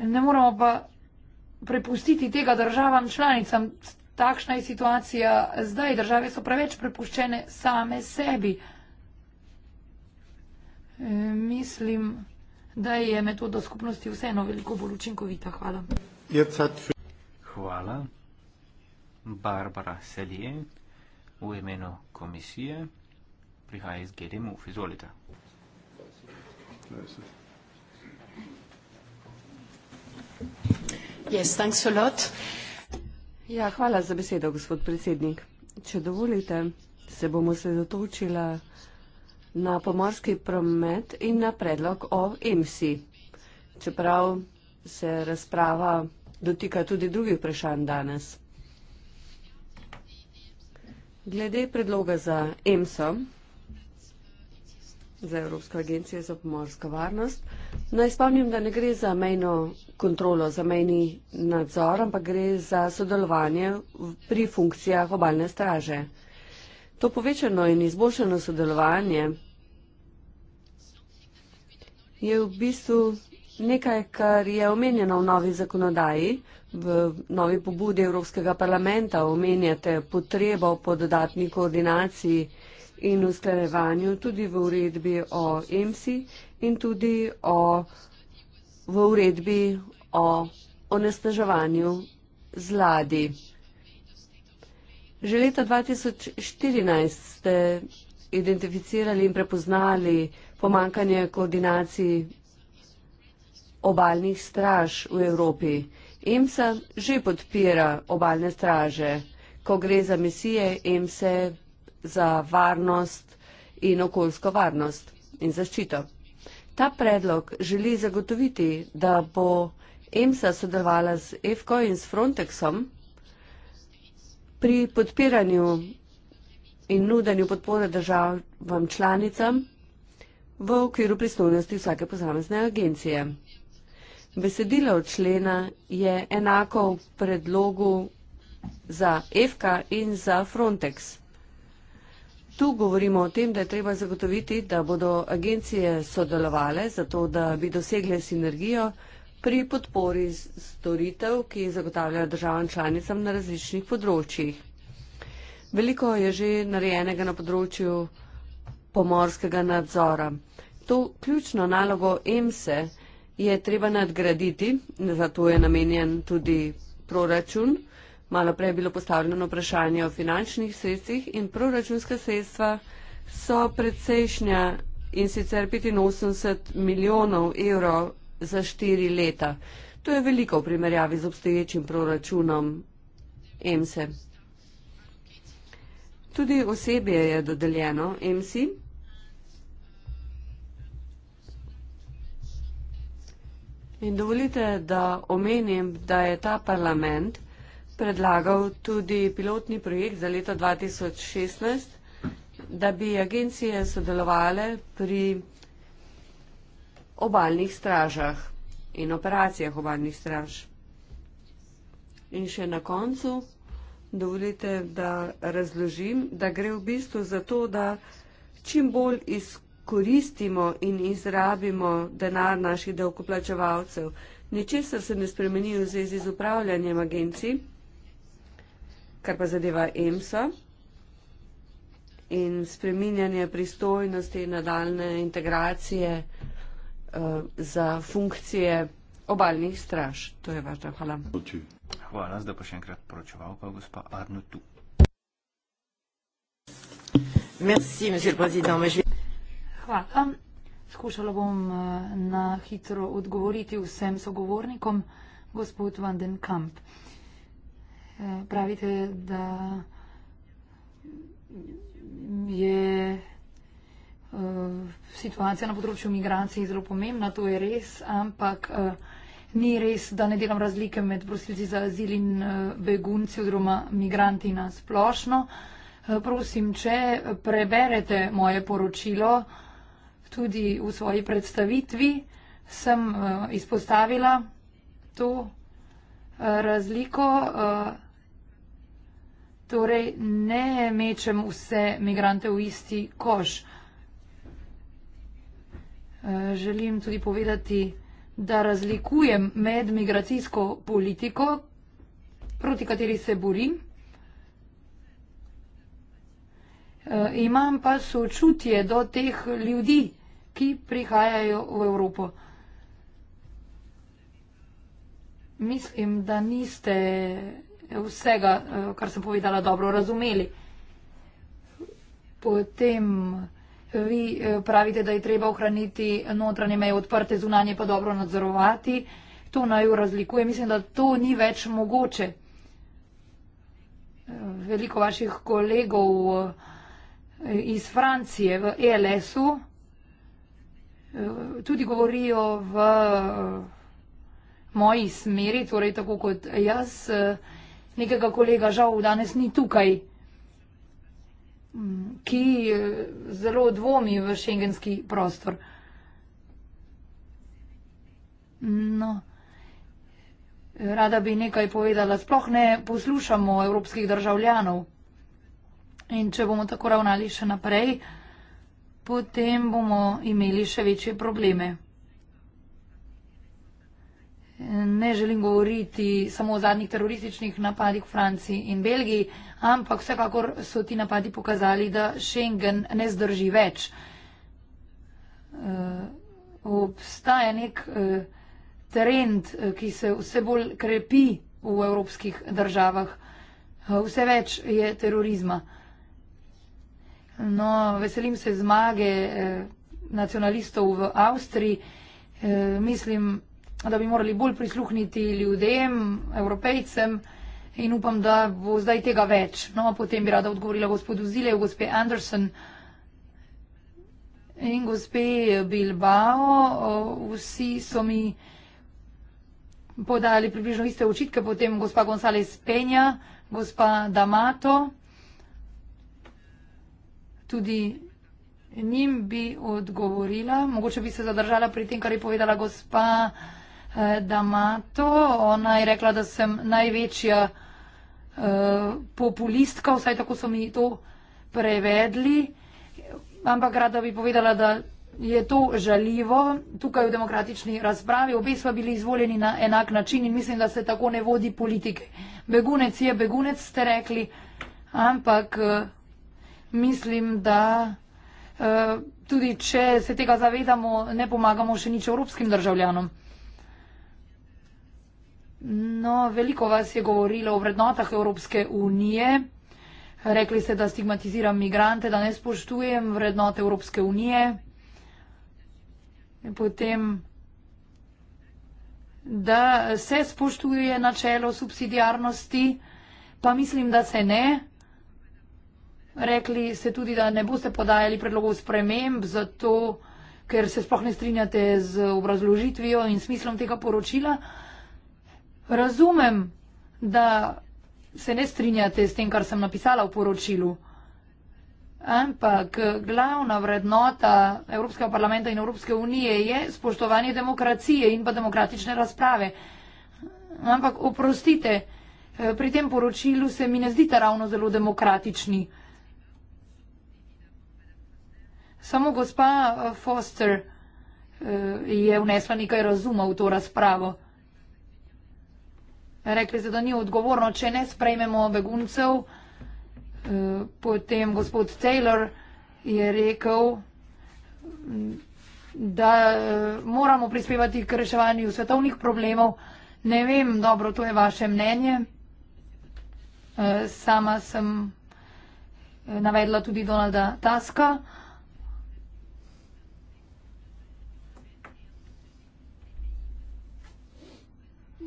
Ne moramo pa prepustiti tega državam članicam, Takšna je situacija zdaj. Države so preveč prepuščene same sebi. E, mislim, da je metoda skupnosti vseeno veliko bolj učinkovita. Hvala. Hvala. Barbara Selje v imenu komisije prihaja iz GDMUF. Izvolite. Yes, thanks a lot. Ja, hvala za besedo, gospod predsednik. Če dovolite, se bomo sredotočila na pomorski promet in na predlog o EMSI. Čeprav se razprava dotika tudi drugih vprašanj danes. Glede predloga za EMSO, za Evropsko agencijo za pomorsko varnost. Naj spomnim, da ne gre za mejno kontrolo, za mejni nadzor, ampak gre za sodelovanje pri funkcijah obalne straže. To povečano in izboljšano sodelovanje je v bistvu nekaj, kar je omenjeno v novi zakonodaji, v novi pobudi Evropskega parlamenta. Omenjate potrebo po dodatni koordinaciji in usklajevanju tudi v uredbi o EMSI in tudi o, v uredbi o onestaževanju zladi. Že leta 2014 ste identificirali in prepoznali pomankanje koordinacij obaljnih straž v Evropi. EMSA že podpira obaljne straže. Ko gre za misije, EMSA za varnost in okoljsko varnost in zaščito. Ta predlog želi zagotoviti, da bo EMSA sodelovala z EFCO in s Frontexom pri podpiranju in nudanju podpore državam članicam v okviru pristojnosti vsake posamezne agencije. Besedilo člena je enako predlogu za EFKA in za Frontex. Tu govorimo o tem, da je treba zagotoviti, da bodo agencije sodelovale, zato da bi dosegle sinergijo pri podpori storitev, ki zagotavljajo državam članicam na različnih področjih. Veliko je že narejenega na področju pomorskega nadzora. To ključno nalogo EMSE je treba nadgraditi, zato je namenjen tudi proračun. Malo prej je bilo postavljeno vprašanje o finančnih sredstvih in proračunska sredstva so precejšnja in sicer 85 milijonov evrov za štiri leta. To je veliko v primerjavi z obstoječim proračunom EMSE. Tudi osebje je dodeljeno EMSI. In dovolite, da omenim, da je ta parlament vsega, predlagal tudi pilotni projekt za leto 2016, da bi agencije sodelovale pri obalnih stražah in operacijah obalnih straž. In še na koncu, dovolite, da razložim, da gre v bistvu za to, da čim bolj izkoristimo in izrabimo denar naših davkoplačevalcev. Ničesar se ne spremeni v zvezi z upravljanjem agencij kar pa zadeva EMSA in spreminjanje pristojnosti nadaljne integracije uh, za funkcije obaljnih straž. To je važno. Hvala. Hvala. Zdaj pa še enkrat poročeval pa gospa Arno Tu. Merci, monsieur le président. Hvala. Skušala bom eh, na hitro odgovoriti vsem sogovornikom, gospod Vandenkamp. Uh, Eh, pravite, da je eh, situacija na področju migracij zelo pomembna, to je res, ampak eh, ni res, da ne delam razlike med prosilci za azil in begunci oziroma migranti na splošno. Prosim, če preberete moje poročilo, tudi v svoji predstavitvi sem izpostavila to, razliko. Eh, torej, ne mečem vse migrante v isti koš. Eh, želim tudi povedati, da razlikujem med migracijsko politiko, proti kateri se borim. Eh, imam pa sočutje do teh ljudi, ki prihajajo v Evropo. Mislim, da niste vsega, eh, kar sem povedala, dobro razumeli. Potem eh, vi eh, pravite, da je treba ohraniti notranje meje odprte, zunanje pa dobro nadzorovati. To naj razlikuje. Mislim, da to ni več mogoče. Veliko vaših kolegov iz Francije v ELS-u tudi govorijo v moji smeri, torej tako kot jaz, eh, nekega kolega žal danes ni tukaj, mm, ki eh, zelo dvomi v šengenski prostor. No, rada bi nekaj povedala, sploh ne poslušamo evropskih državljanov. In če bomo tako ravnali še naprej, potem bomo imeli še večje probleme ne želim govoriti samo o zadnjih terorističnih napadih v Franciji in Belgiji, ampak vsekakor so ti napadi pokazali, da Schengen ne zdrži več. Eh, obstaja nek eh, trend, eh, ki se vse bolj krepi v evropskih državah. Vse več je terorizma. No, veselim se zmage nacionalistov v Avstriji. Mislim, da bi morali bolj prisluhniti ljudem, evropejcem in upam, da bo zdaj tega več. No, potem bi rada odgovorila gospodu Zilev, gospe Anderson in gospe Bilbao. Vsi so mi podali približno iste očitke, potem gospa Gonzales Penja, gospa D'Amato. Tudi njim bi odgovorila. Mogoče bi se zadržala pri tem, kar je povedala gospa. Eh, da ima to. Ona je rekla, da sem največja eh, populistka, vsaj tako so mi to prevedli. Ampak rada bi povedala, da je to žaljivo tukaj v demokratični razpravi. Obe smo bili izvoljeni na enak način in mislim, da se tako ne vodi politike. Begunec je begunec, ste rekli, ampak eh, mislim, da tudi če se tega zavedamo, ne pomagamo še nič evropskim državljanom. No, veliko vas je govorilo o vrednotah Evropske unije. Rekli ste, da stigmatiziram migrante, da ne spoštujem vrednot Evropske unije. In potem, da se spoštuje načelo subsidijarnosti, pa mislim, da se ne. Rekli ste tudi, da ne boste podajali predlogov sprememb, zato ker se sploh ne strinjate z obrazložitvijo in smislom tega poročila. Razumem, da se ne strinjate s tem, kar sem napisala v poročilu, ampak glavna vrednota Evropskega parlamenta in Evropske unije je spoštovanje demokracije in pa demokratične razprave. Ampak oprostite, pri tem poročilu se mi ne zdite ravno zelo demokratični. Samo gospa Foster eh, je vnesla nekaj razuma v to razpravo rekli ste, da ni odgovorno, če ne sprejmemo beguncev. E, potem gospod Taylor je rekel, da e, moramo prispevati k reševanju svetovnih problemov. Ne vem, dobro, to je vaše mnenje. E, sama sem navedla tudi Donalda Taska.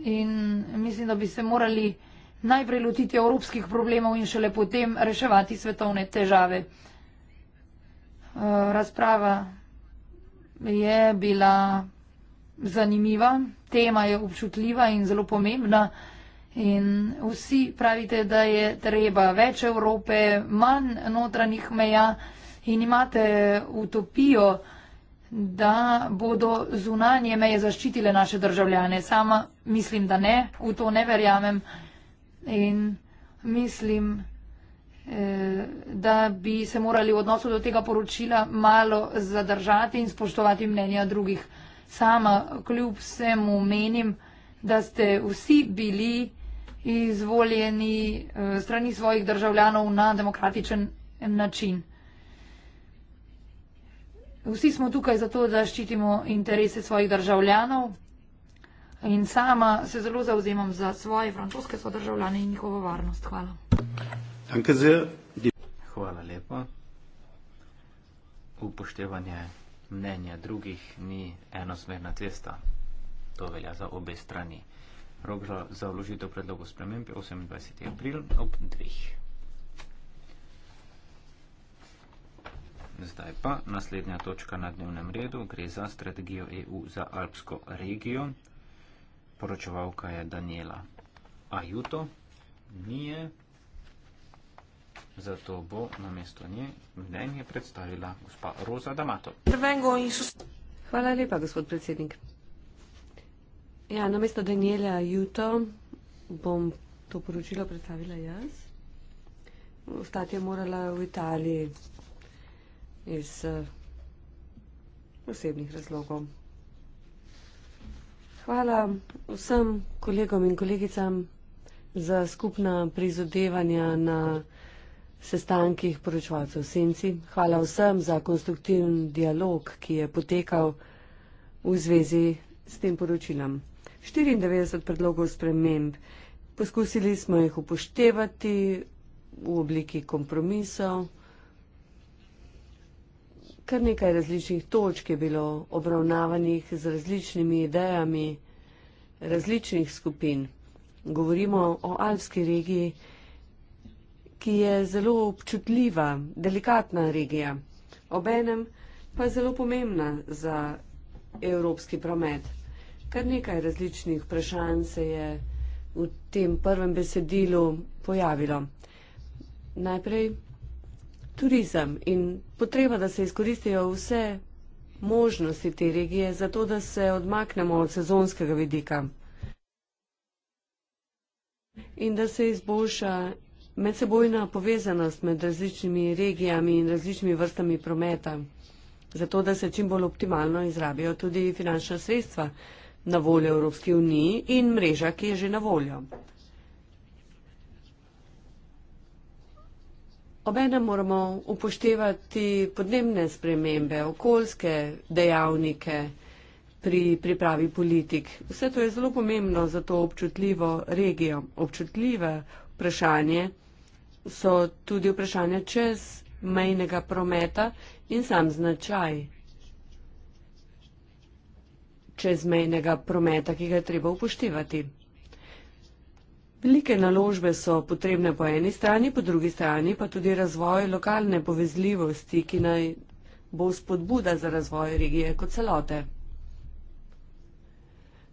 in mislim, da bi se morali najprej lotiti evropskih problemov in šele potem reševati svetovne težave. Eh, razprava je bila zanimiva, tema je občutljiva in zelo pomembna. In vsi pravite, da je treba več Evrope, manj notranjih meja in imate utopijo da bodo zunanje meje zaščitile naše državljane. Sama mislim, da ne, v to ne verjamem in mislim, eh, da bi se morali v odnosu do tega poročila malo zadržati in spoštovati mnenja drugih. Sama kljub vsemu menim, da ste vsi bili izvoljeni eh, strani svojih državljanov na demokratičen način. Vsi smo tukaj zato, da ščitimo interese svojih državljanov. In sama se zelo zauzemam za svoje francoske sodržavljane in njihovo varnost. Hvala. Hvala lepa. Upoštevanje mnenja drugih ni enosmerna cesta. To velja za obe strani. Rok za vložitev predlogov sprememb je 28. april ob 2. Zdaj pa naslednja točka na dnevnem redu gre za strategijo EU za alpsko regijo. Poročevalka je Daniela Ajuto. Nije, zato bo na mesto nje mnenje predstavila gospa Roza D'Amato. Hvala lepa, gospod predsednik. Ja, na mesto Daniela Ajuto bom to poročilo predstavila jaz. Ostati je morala v Italiji iz eh, osebnih razlogov. Hvala vsem kolegom in kolegicam za skupna prizadevanja na sestankih poročevalcev Senci. Hvala vsem za konstruktivni dialog, ki je potekal v zvezi s tem poročilom. 94 predlogov sprememb. Poskusili smo jih upoštevati v obliki kompromisov kar nekaj različnih točk je bilo obravnavanih z različnimi idejami različnih skupin. Govorimo o alpski regiji, ki je zelo občutljiva, delikatna regija, obenem pa je zelo pomembna za evropski promet. Kar nekaj različnih vprašanj se je v tem prvem besedilu pojavilo. Najprej turizem in potreba, da se izkoristijo vse možnosti te regije, zato da se odmaknemo od sezonskega vidika in da se izboljša medsebojna povezanost med različnimi regijami in različnimi vrstami prometa, zato da se čim bolj optimalno izrabijo tudi finančna sredstva na voljo Evropske unije in mreža, ki je že na voljo. Obenem moramo upoštevati podnebne spremembe, okoljske dejavnike pri pripravi politik. Vse to je zelo pomembno za to občutljivo regijo. Občutljive vprašanje so tudi vprašanje čez mejnega prometa in sam značaj čez mejnega prometa, ki ga je treba upoštevati. Velike naložbe so potrebne po eni strani, po drugi strani pa tudi razvoj lokalne povezljivosti, ki naj bo spodbuda za razvoj regije kot celote.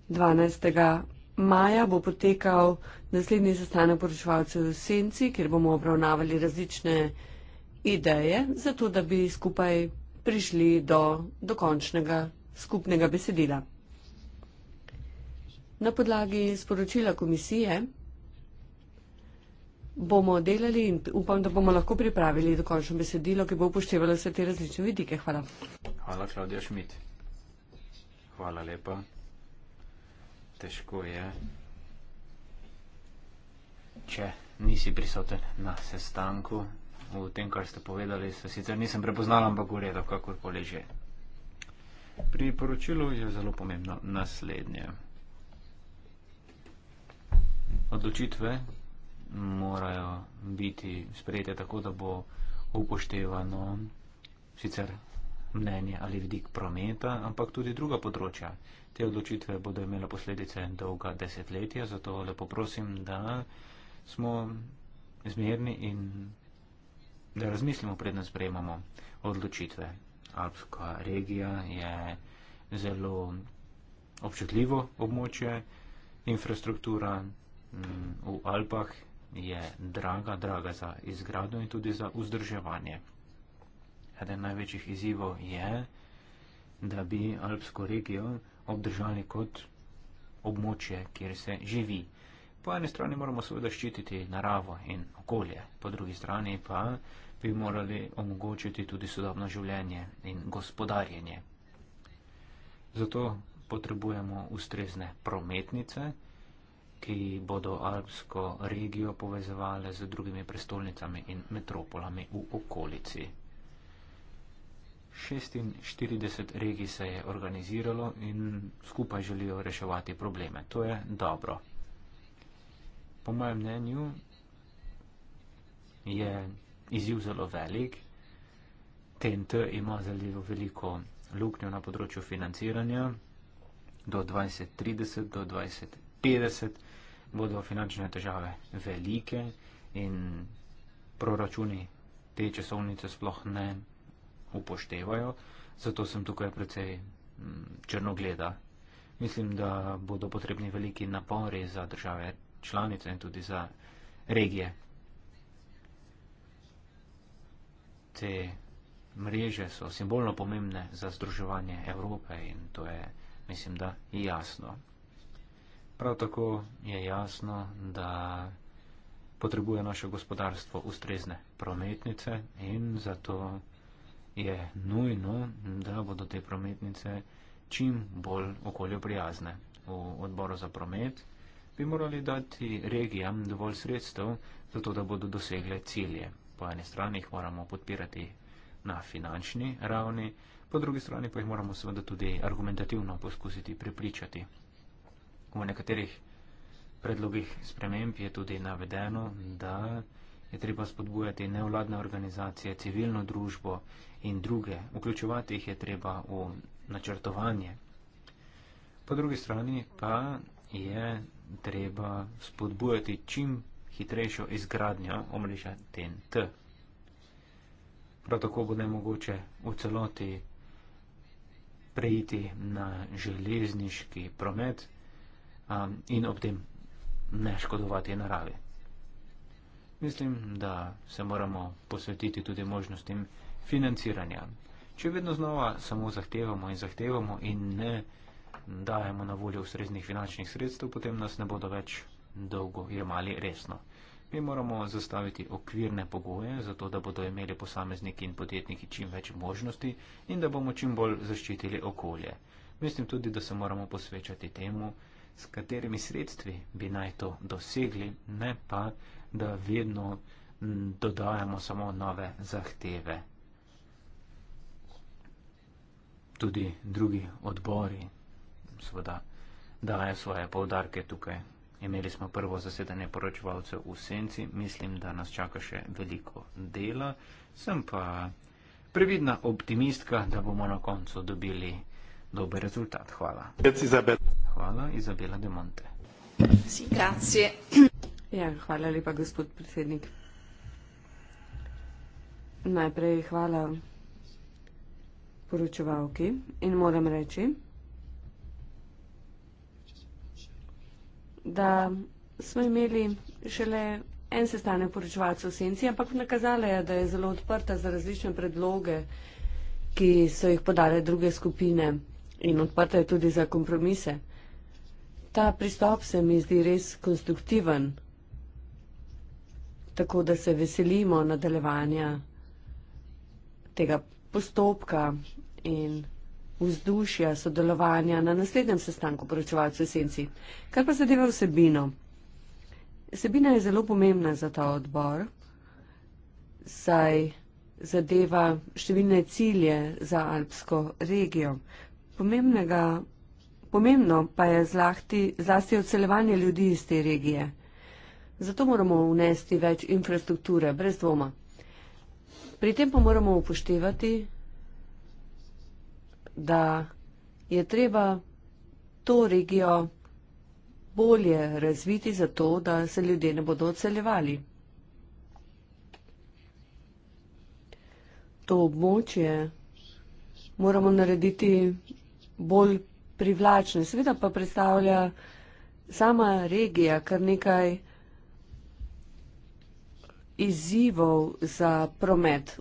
12. maja bo potekal naslednji sestanek poročevalcev v Senci, kjer bomo obravnavali različne ideje, zato da bi skupaj prišli do dokončnega skupnega besedila. Na podlagi sporočila komisije bomo delali in upam, da bomo lahko pripravili dokončno besedilo, ki bo upoštevalo vse te različne vidike. Hvala. Hvala, Klaudija Šmit. Hvala lepa. Težko je, če nisi prisoten na sestanku. V tem, kar ste povedali, se sicer nisem prepoznala, ampak v redu, kakorkoli že. Pri poročilu je zelo pomembno naslednje. Odločitve, morajo biti sprejete tako, da bo upoštevano sicer mnenje ali vidik prometa, ampak tudi druga področja. Te odločitve bodo imele posledice dolga desetletja, zato lepo prosim, da smo zmerni in da razmislimo predno sprejemamo odločitve. Alpska regija je zelo občutljivo območje, infrastruktura mm, v Alpah je draga, draga za izgradnjo in tudi za vzdrževanje. Eden največjih izzivov je, da bi Alpsko regijo obdržali kot območje, kjer se živi. Po eni strani moramo seveda ščititi naravo in okolje, po drugi strani pa bi morali omogočiti tudi sodobno življenje in gospodarjenje. Zato potrebujemo ustrezne prometnice, ki bodo alpsko regijo povezovali z drugimi prestolnicami in metropolami v okolici. 46 regij se je organiziralo in skupaj želijo reševati probleme. To je dobro. Po mojem mnenju je izjiv zelo velik. TNT ima zelo veliko luknjo na področju financiranja do 2030, do 2050 bodo finančne težave velike in proračuni te časovnice sploh ne upoštevajo, zato sem tukaj precej mm, črnogleda. Mislim, da bodo potrebni veliki napori za države članice in tudi za regije. Te mreže so simbolno pomembne za združevanje Evrope in to je, mislim, da jasno. Prav tako je jasno, da potrebuje naše gospodarstvo ustrezne prometnice in zato je nujno, da bodo te prometnice čim bolj okolju prijazne. V odboru za promet bi morali dati regijam dovolj sredstev, zato da bodo dosegle cilje. Po eni strani jih moramo podpirati na finančni ravni, po drugi strani pa jih moramo seveda tudi argumentativno poskusiti prepričati, V nekaterih predlogih sprememb je tudi navedeno, da je treba spodbujati nevladne organizacije, civilno družbo in druge. Vključevati jih je treba v načrtovanje. Po drugi strani pa je treba spodbujati čim hitrejšo izgradnjo omrežja TNT. Prav tako bo ne mogoče v celoti prejiti na železniški promet, um, in ob tem ne škodovati naravi. Mislim, da se moramo posvetiti tudi možnostim financiranja. Če vedno znova samo zahtevamo in zahtevamo in ne dajemo na voljo ustreznih finančnih sredstev, potem nas ne bodo več dolgo jemali resno. Mi moramo zastaviti okvirne pogoje, zato da bodo imeli posamezniki in podjetniki čim več možnosti in da bomo čim bolj zaščitili okolje. Mislim tudi, da se moramo posvečati temu, s katerimi sredstvi bi naj to dosegli, ne pa, da vedno dodajamo samo nove zahteve. Tudi drugi odbori seveda dajo svoje povdarke tukaj. Imeli smo prvo zasedanje poročevalcev v senci, mislim, da nas čaka še veliko dela. Sem pa previdna optimistka, da bomo na koncu dobili dober rezultat. Hvala. Hvala, Izabela De Monte. Ja, hvala lepa, gospod predsednik. Najprej hvala poročevalki in moram reči, da smo imeli šele en sestanek poročevalcev v Senci, ampak nakazala je, da je zelo odprta za različne predloge, ki so jih podale druge skupine in odprta je tudi za kompromise. Ta pristop se mi zdi res konstruktiven, tako da se veselimo nadaljevanja tega postopka in vzdušja sodelovanja na naslednjem sestanku poročevalcev esenci. Kar pa zadeva vsebino. Sebina je zelo pomembna za ta odbor, saj zadeva številne cilje za alpsko regijo pomembnega, pomembno pa je zlahti, zlasti odseljevanje ljudi iz te regije. Zato moramo vnesti več infrastrukture, brez dvoma. Pri tem pa moramo upoštevati, da je treba to regijo bolje razviti zato, da se ljudje ne bodo odseljevali. To območje moramo narediti bolj privlačne. Seveda pa predstavlja sama regija kar nekaj izzivov za promet.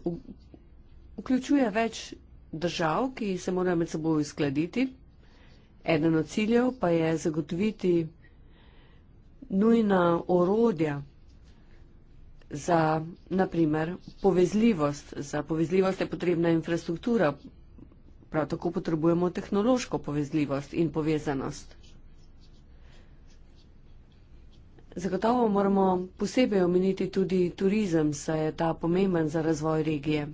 Vključuje več držav, ki se morajo med seboj uskladiti. Eden od ciljev pa je zagotoviti nujna orodja za, naprimer, povezljivost. Za povezljivost je potrebna infrastruktura, Prav tako potrebujemo tehnološko povezljivost in povezanost. Zagotovo moramo posebej omeniti tudi turizem, saj je ta pomemben za razvoj regije.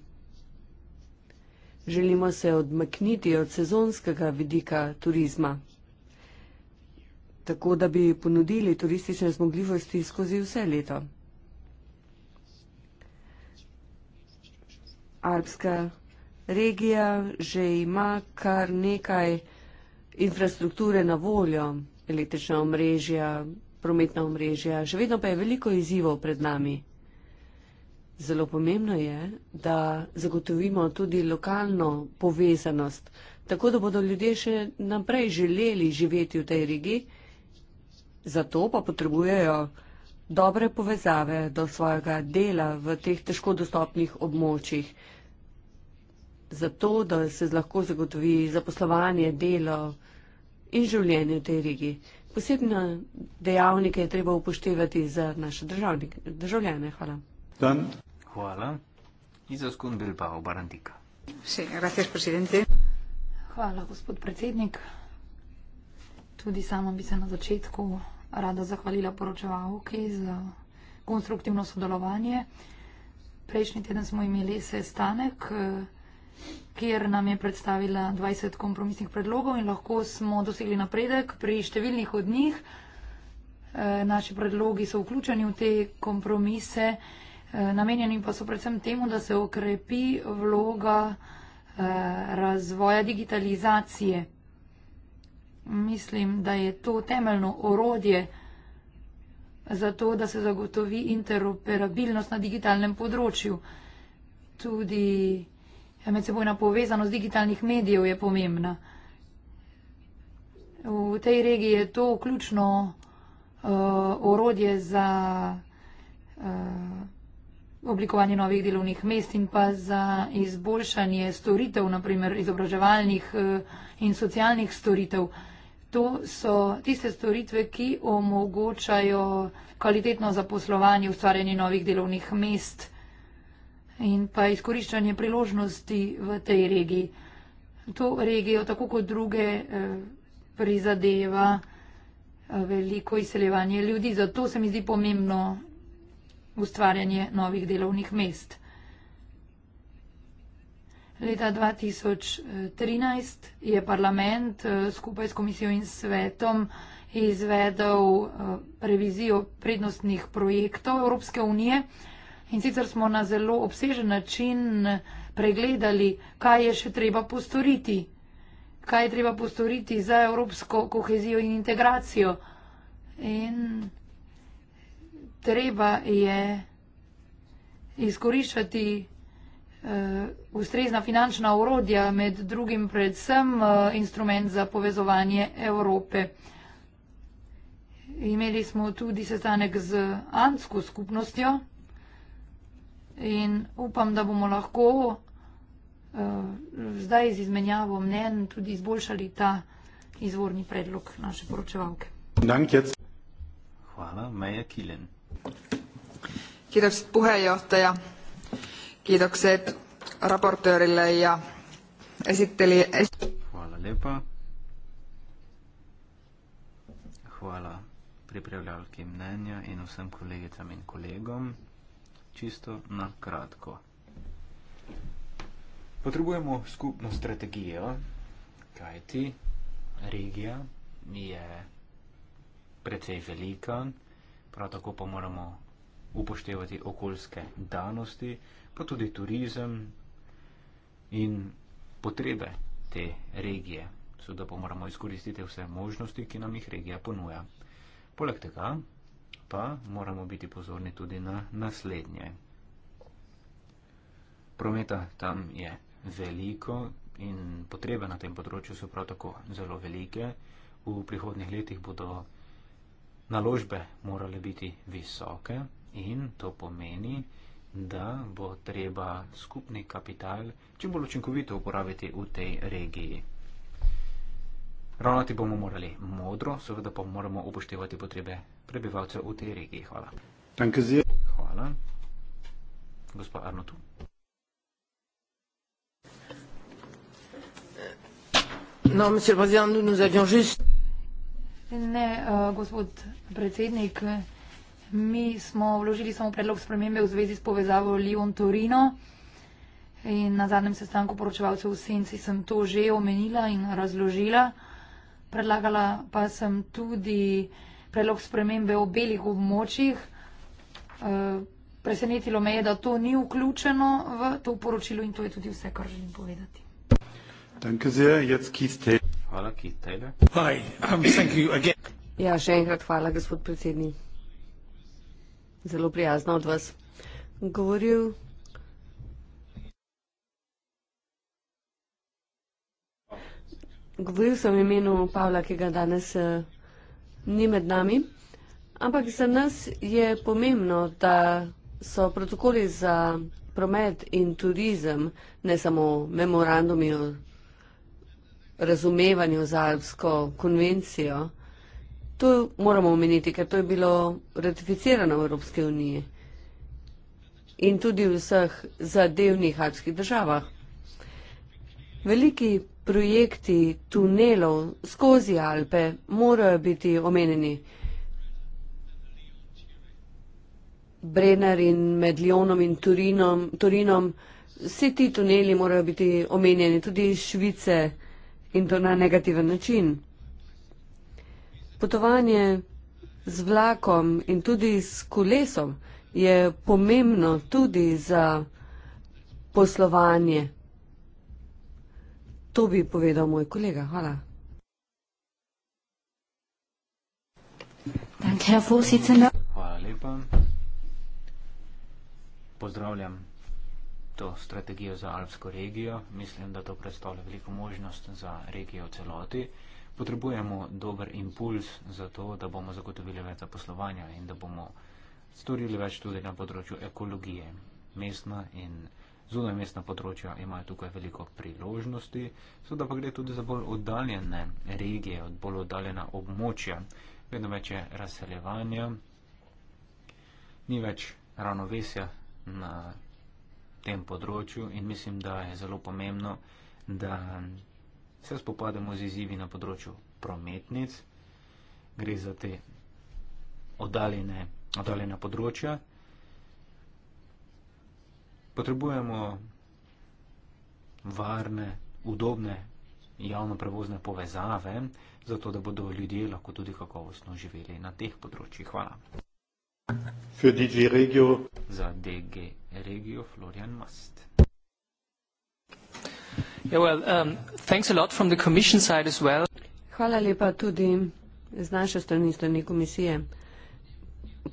Želimo se odmakniti od sezonskega vidika turizma, tako da bi ponudili turistične zmogljivosti skozi vse leto. Alpska regija že ima kar nekaj infrastrukture na voljo, električna omrežja, prometna omrežja, še vedno pa je veliko izzivov pred nami. Zelo pomembno je, da zagotovimo tudi lokalno povezanost, tako da bodo ljudje še naprej želeli živeti v tej regiji, zato pa potrebujejo dobre povezave do svojega dela v teh težko dostopnih območjih zato, da se lahko zagotovi zaposlovanje, delo in življenje v tej regiji. Posebne dejavnike je treba upoštevati za naše državljane. Hvala. Dan. Hvala. Izaskun Bilbao, Barandika. Sí, gracias, presidente. Hvala, gospod predsednik. Tudi sama bi se na začetku rada zahvalila poročevalki za konstruktivno sodelovanje. Prejšnji teden smo imeli sestanek. Eh, kjer nam je predstavila 20 kompromisnih predlogov in lahko smo dosegli napredek pri številnih od njih. E, naši predlogi so vključeni v te kompromise, e, namenjeni pa so predvsem temu, da se okrepi vloga e, razvoja digitalizacije. Mislim, da je to temeljno orodje za to, da se zagotovi interoperabilnost na digitalnem področju. Tudi medsebojna povezanost digitalnih medijev je pomembna. V tej regiji je to ključno uh, orodje za uh, oblikovanje novih delovnih mest in pa za izboljšanje storitev, naprimer izobraževalnih uh, in socialnih storitev. To so tiste storitve, ki omogočajo kvalitetno zaposlovanje, ustvarjanje novih delovnih mest in pa izkoriščanje priložnosti v tej regiji. To regijo, tako kot druge, eh, prizadeva eh, veliko izseljevanje ljudi, zato se mi zdi pomembno ustvarjanje novih delovnih mest. Leta 2013 je parlament eh, skupaj s komisijo in svetom izvedel revizijo prednostnih projektov Evropske unije. In sicer smo na zelo obsežen način pregledali, kaj je še treba postoriti, kaj je treba postoriti za evropsko kohezijo in integracijo. In treba je izkoriščati uh, ustrezna finančna urodja, med drugim predvsem uh, instrument za povezovanje Evrope. Imeli smo tudi sestanek z Ansko skupnostjo. In upam, da bomo lahko uh, zdaj z izmenjavo mnen tudi izboljšali ta izvorni predlog naše poročevalke. Dankjec. Hvala, Meja Kilen. Kiitos puheenjohtaja. Kiitokset raportöörille ja esitteli. Hvala lepa. Hvala pripravljalki mnenja in vsem kolegicam in kolegom čisto na kratko. Potrebujemo skupno strategijo, kajti regija je precej velika, prav tako pa moramo upoštevati okoljske danosti, pa tudi turizem in potrebe te regije. Seveda pa moramo izkoristiti vse možnosti, ki nam jih regija ponuja. Poleg tega pa moramo biti pozorni tudi na naslednje. Prometa tam je veliko in potrebe na tem področju so prav tako zelo velike. V prihodnih letih bodo naložbe morale biti visoke in to pomeni, da bo treba skupni kapital čim bolj učinkovito uporabiti v tej regiji. Ravnati bomo morali modro, seveda pa moramo upoštevati potrebe prebivalcev v tej regiji. Hvala. Hvala. Gospod Arnotu. No, Bazian, ne, uh, gospod predsednik, mi smo vložili samo predlog spremembe v zvezi s povezavo Lyon-Torino in na zadnjem sestanku poročevalcev v Senci sem to že omenila in razložila. Predlagala pa sem tudi uh, predlog spremembe o belih območjih. Eh, presenetilo me je, da to ni vključeno v to poročilo in to je tudi vse, kar želim povedati. Hvala, um, ja, še enkrat hvala, gospod predsednik. Zelo prijazno od vas. Govoril. Govoril sem imenu Pavla, ki ga danes eh, ni med nami, ampak za nas je pomembno, da so protokoli za promet in turizem, ne samo memorandumi o razumevanju za Alpsko konvencijo, to moramo omeniti, ker to je bilo ratificirano v Evropske unije in tudi v vseh zadevnih alpskih državah. Veliki projekti tunelov skozi Alpe morajo biti omenjeni. Brenner in med Lyonom in Turinom, Turinom, vsi ti tuneli morajo biti omenjeni, tudi Švice in to na negativen način. Potovanje z vlakom in tudi s kolesom je pomembno tudi za poslovanje. To bi povedal moj kolega. Hvala. Hvala lepa. Pozdravljam to strategijo za Alpsko regijo. Mislim, da to predstavlja veliko možnost za regijo v celoti. Potrebujemo dober impuls za to, da bomo zagotovili več zaposlovanja in da bomo storili več tudi na področju ekologije, mestna in ekologija zunaj mestna področja imajo tukaj veliko priložnosti, seveda pa gre tudi za bolj oddaljene regije, od bolj oddaljena območja, vedno več je razseljevanja, ni več ravnovesja na tem področju in mislim, da je zelo pomembno, da se spopademo z izzivi na področju prometnic, gre za te oddaljene, oddaljena področja potrebujemo varne, udobne javnoprevozne povezave, zato da bodo ljudje lahko tudi kakovostno živeli na teh področjih. Hvala. Für DG Regio. Za DG Regio Florian Mast. Yeah, well, um, a lot from the side as well. Hvala lepa tudi z naše strani, strani komisije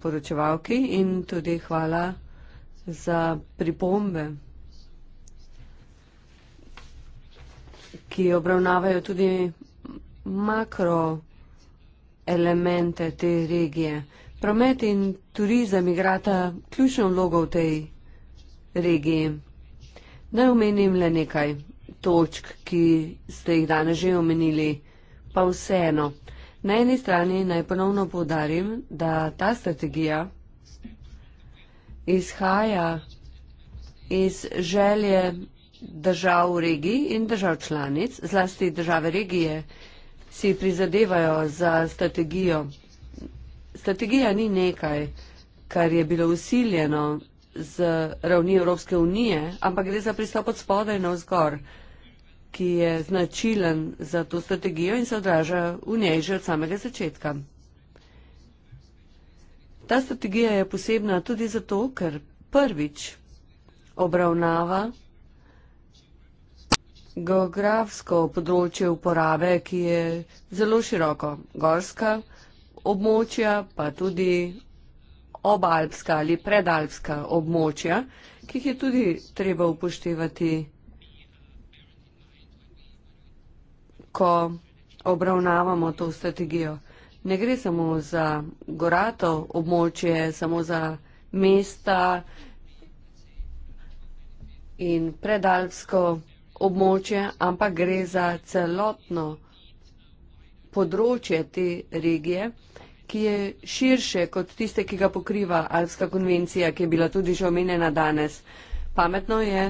poročevalki in tudi hvala za pripombe, ki obravnavajo tudi makro elemente te regije. Promet in turizem igrata ključno vlogo v tej regiji. Naj omenim le nekaj točk, ki ste jih danes že omenili, pa vseeno. Na eni strani naj ponovno povdarim, da ta strategija izhaja iz želje držav v regiji in držav članic, zlasti države regije si prizadevajo za strategijo. Strategija ni nekaj, kar je bilo usiljeno z ravni Evropske unije, ampak gre za pristop od spodaj na vzgor, ki je značilen za to strategijo in se odraža v njej že od samega začetka. Ta strategija je posebna tudi zato, ker prvič obravnava geografsko področje uporabe, ki je zelo široko, gorska območja, pa tudi obalpska ali predalpska območja, ki jih je tudi treba upoštevati, ko obravnavamo to strategijo ne gre samo za gorato območje, samo za mesta in predalpsko območje, ampak gre za celotno področje te regije, ki je širše kot tiste, ki ga pokriva Alpska konvencija, ki je bila tudi že omenjena danes. Pametno je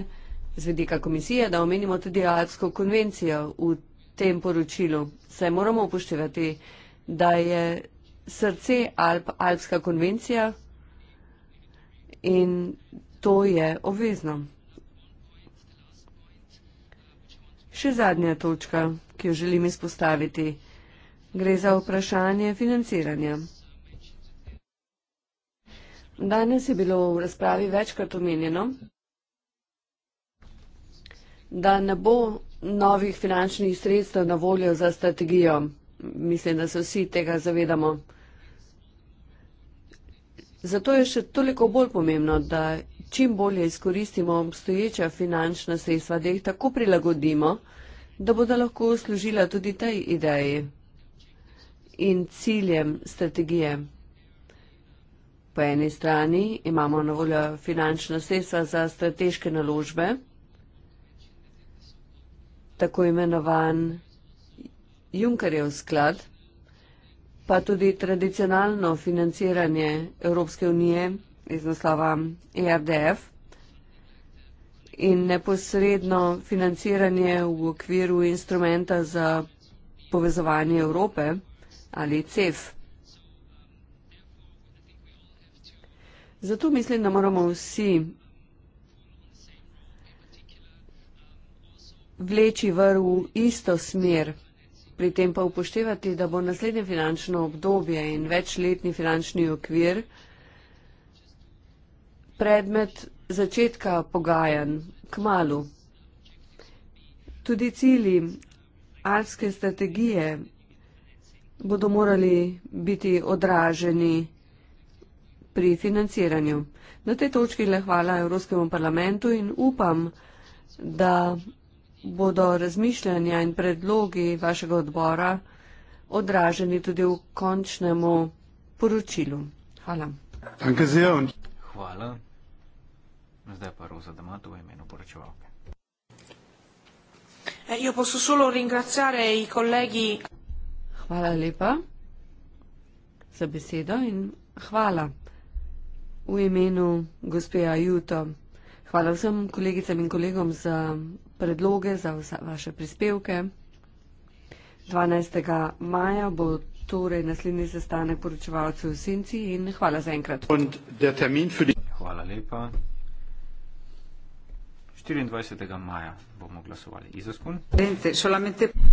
z vedika komisije, da omenimo tudi Alpsko konvencijo v tem poročilu. Saj moramo upoštevati da je srce Alp, Alpska konvencija in to je obvezno. Še zadnja točka, ki jo želim izpostaviti, gre za vprašanje financiranja. Danes je bilo v razpravi večkrat omenjeno, da ne bo novih finančnih sredstev na voljo za strategijo mislim, da se vsi tega zavedamo. Zato je še toliko bolj pomembno, da čim bolje izkoristimo obstoječa finančna sredstva, da jih tako prilagodimo, da bodo lahko služila tudi tej ideji in ciljem strategije. Po eni strani imamo na voljo finančna sredstva za strateške naložbe, tako imenovan Junkerjev sklad, pa tudi tradicionalno financiranje Evropske unije iz naslova ERDF in neposredno financiranje v okviru instrumenta za povezovanje Evrope ali CEF. Zato mislim, da moramo vsi vleči vrv v isto smer pri tem pa upoštevati, da bo naslednje finančno obdobje in večletni finančni okvir predmet začetka pogajanj k malu. Tudi cili alpske strategije bodo morali biti odraženi pri financiranju. Na tej točki le hvala Evropskemu parlamentu in upam, da bodo razmišljanja in predlogi vašega odbora odraženi tudi v končnemu poročilu. Hvala. Hvala. Zdaj pa Roza Damato v imenu poročevalke. Eh, hvala lepa za besedo in hvala v imenu gospeja Juto. Hvala vsem kolegicam in kolegom za predloge, za vsa, vaše prispevke. 12. maja bo torej naslednji sestanek poročevalcev v Sinci in hvala za enkrat. Hvala lepa. 24. maja bomo glasovali. Izaskun.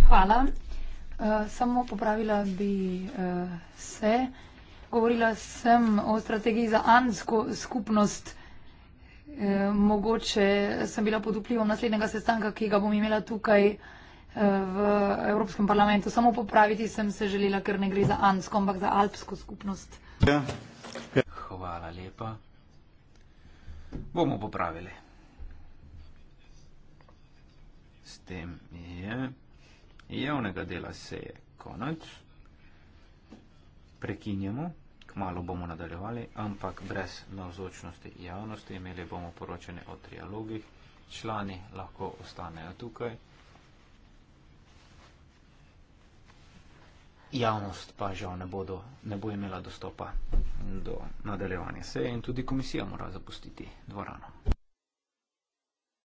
Hvala. Uh, samo popravila bi uh, se. Govorila sem o strategiji za ansko skupnost. Eh, mogoče sem bila pod vplivom naslednjega sestanka, ki ga bom imela tukaj eh, v Evropskem parlamentu. Samo popraviti sem se želela, ker ne gre za Ansko, ampak za Alpsko skupnost. Ja. Hvala lepa. Bomo popravili. S tem je javnega dela seje konec. Prekinjamo. Kmalo bomo nadaljevali, ampak brez navzočnosti javnosti imeli bomo poročanje o trialogih. Člani lahko ostanejo tukaj. Javnost pa žal ne, bodo, ne bo imela dostopa do nadaljevanja seje in tudi komisija mora zapustiti dvorano.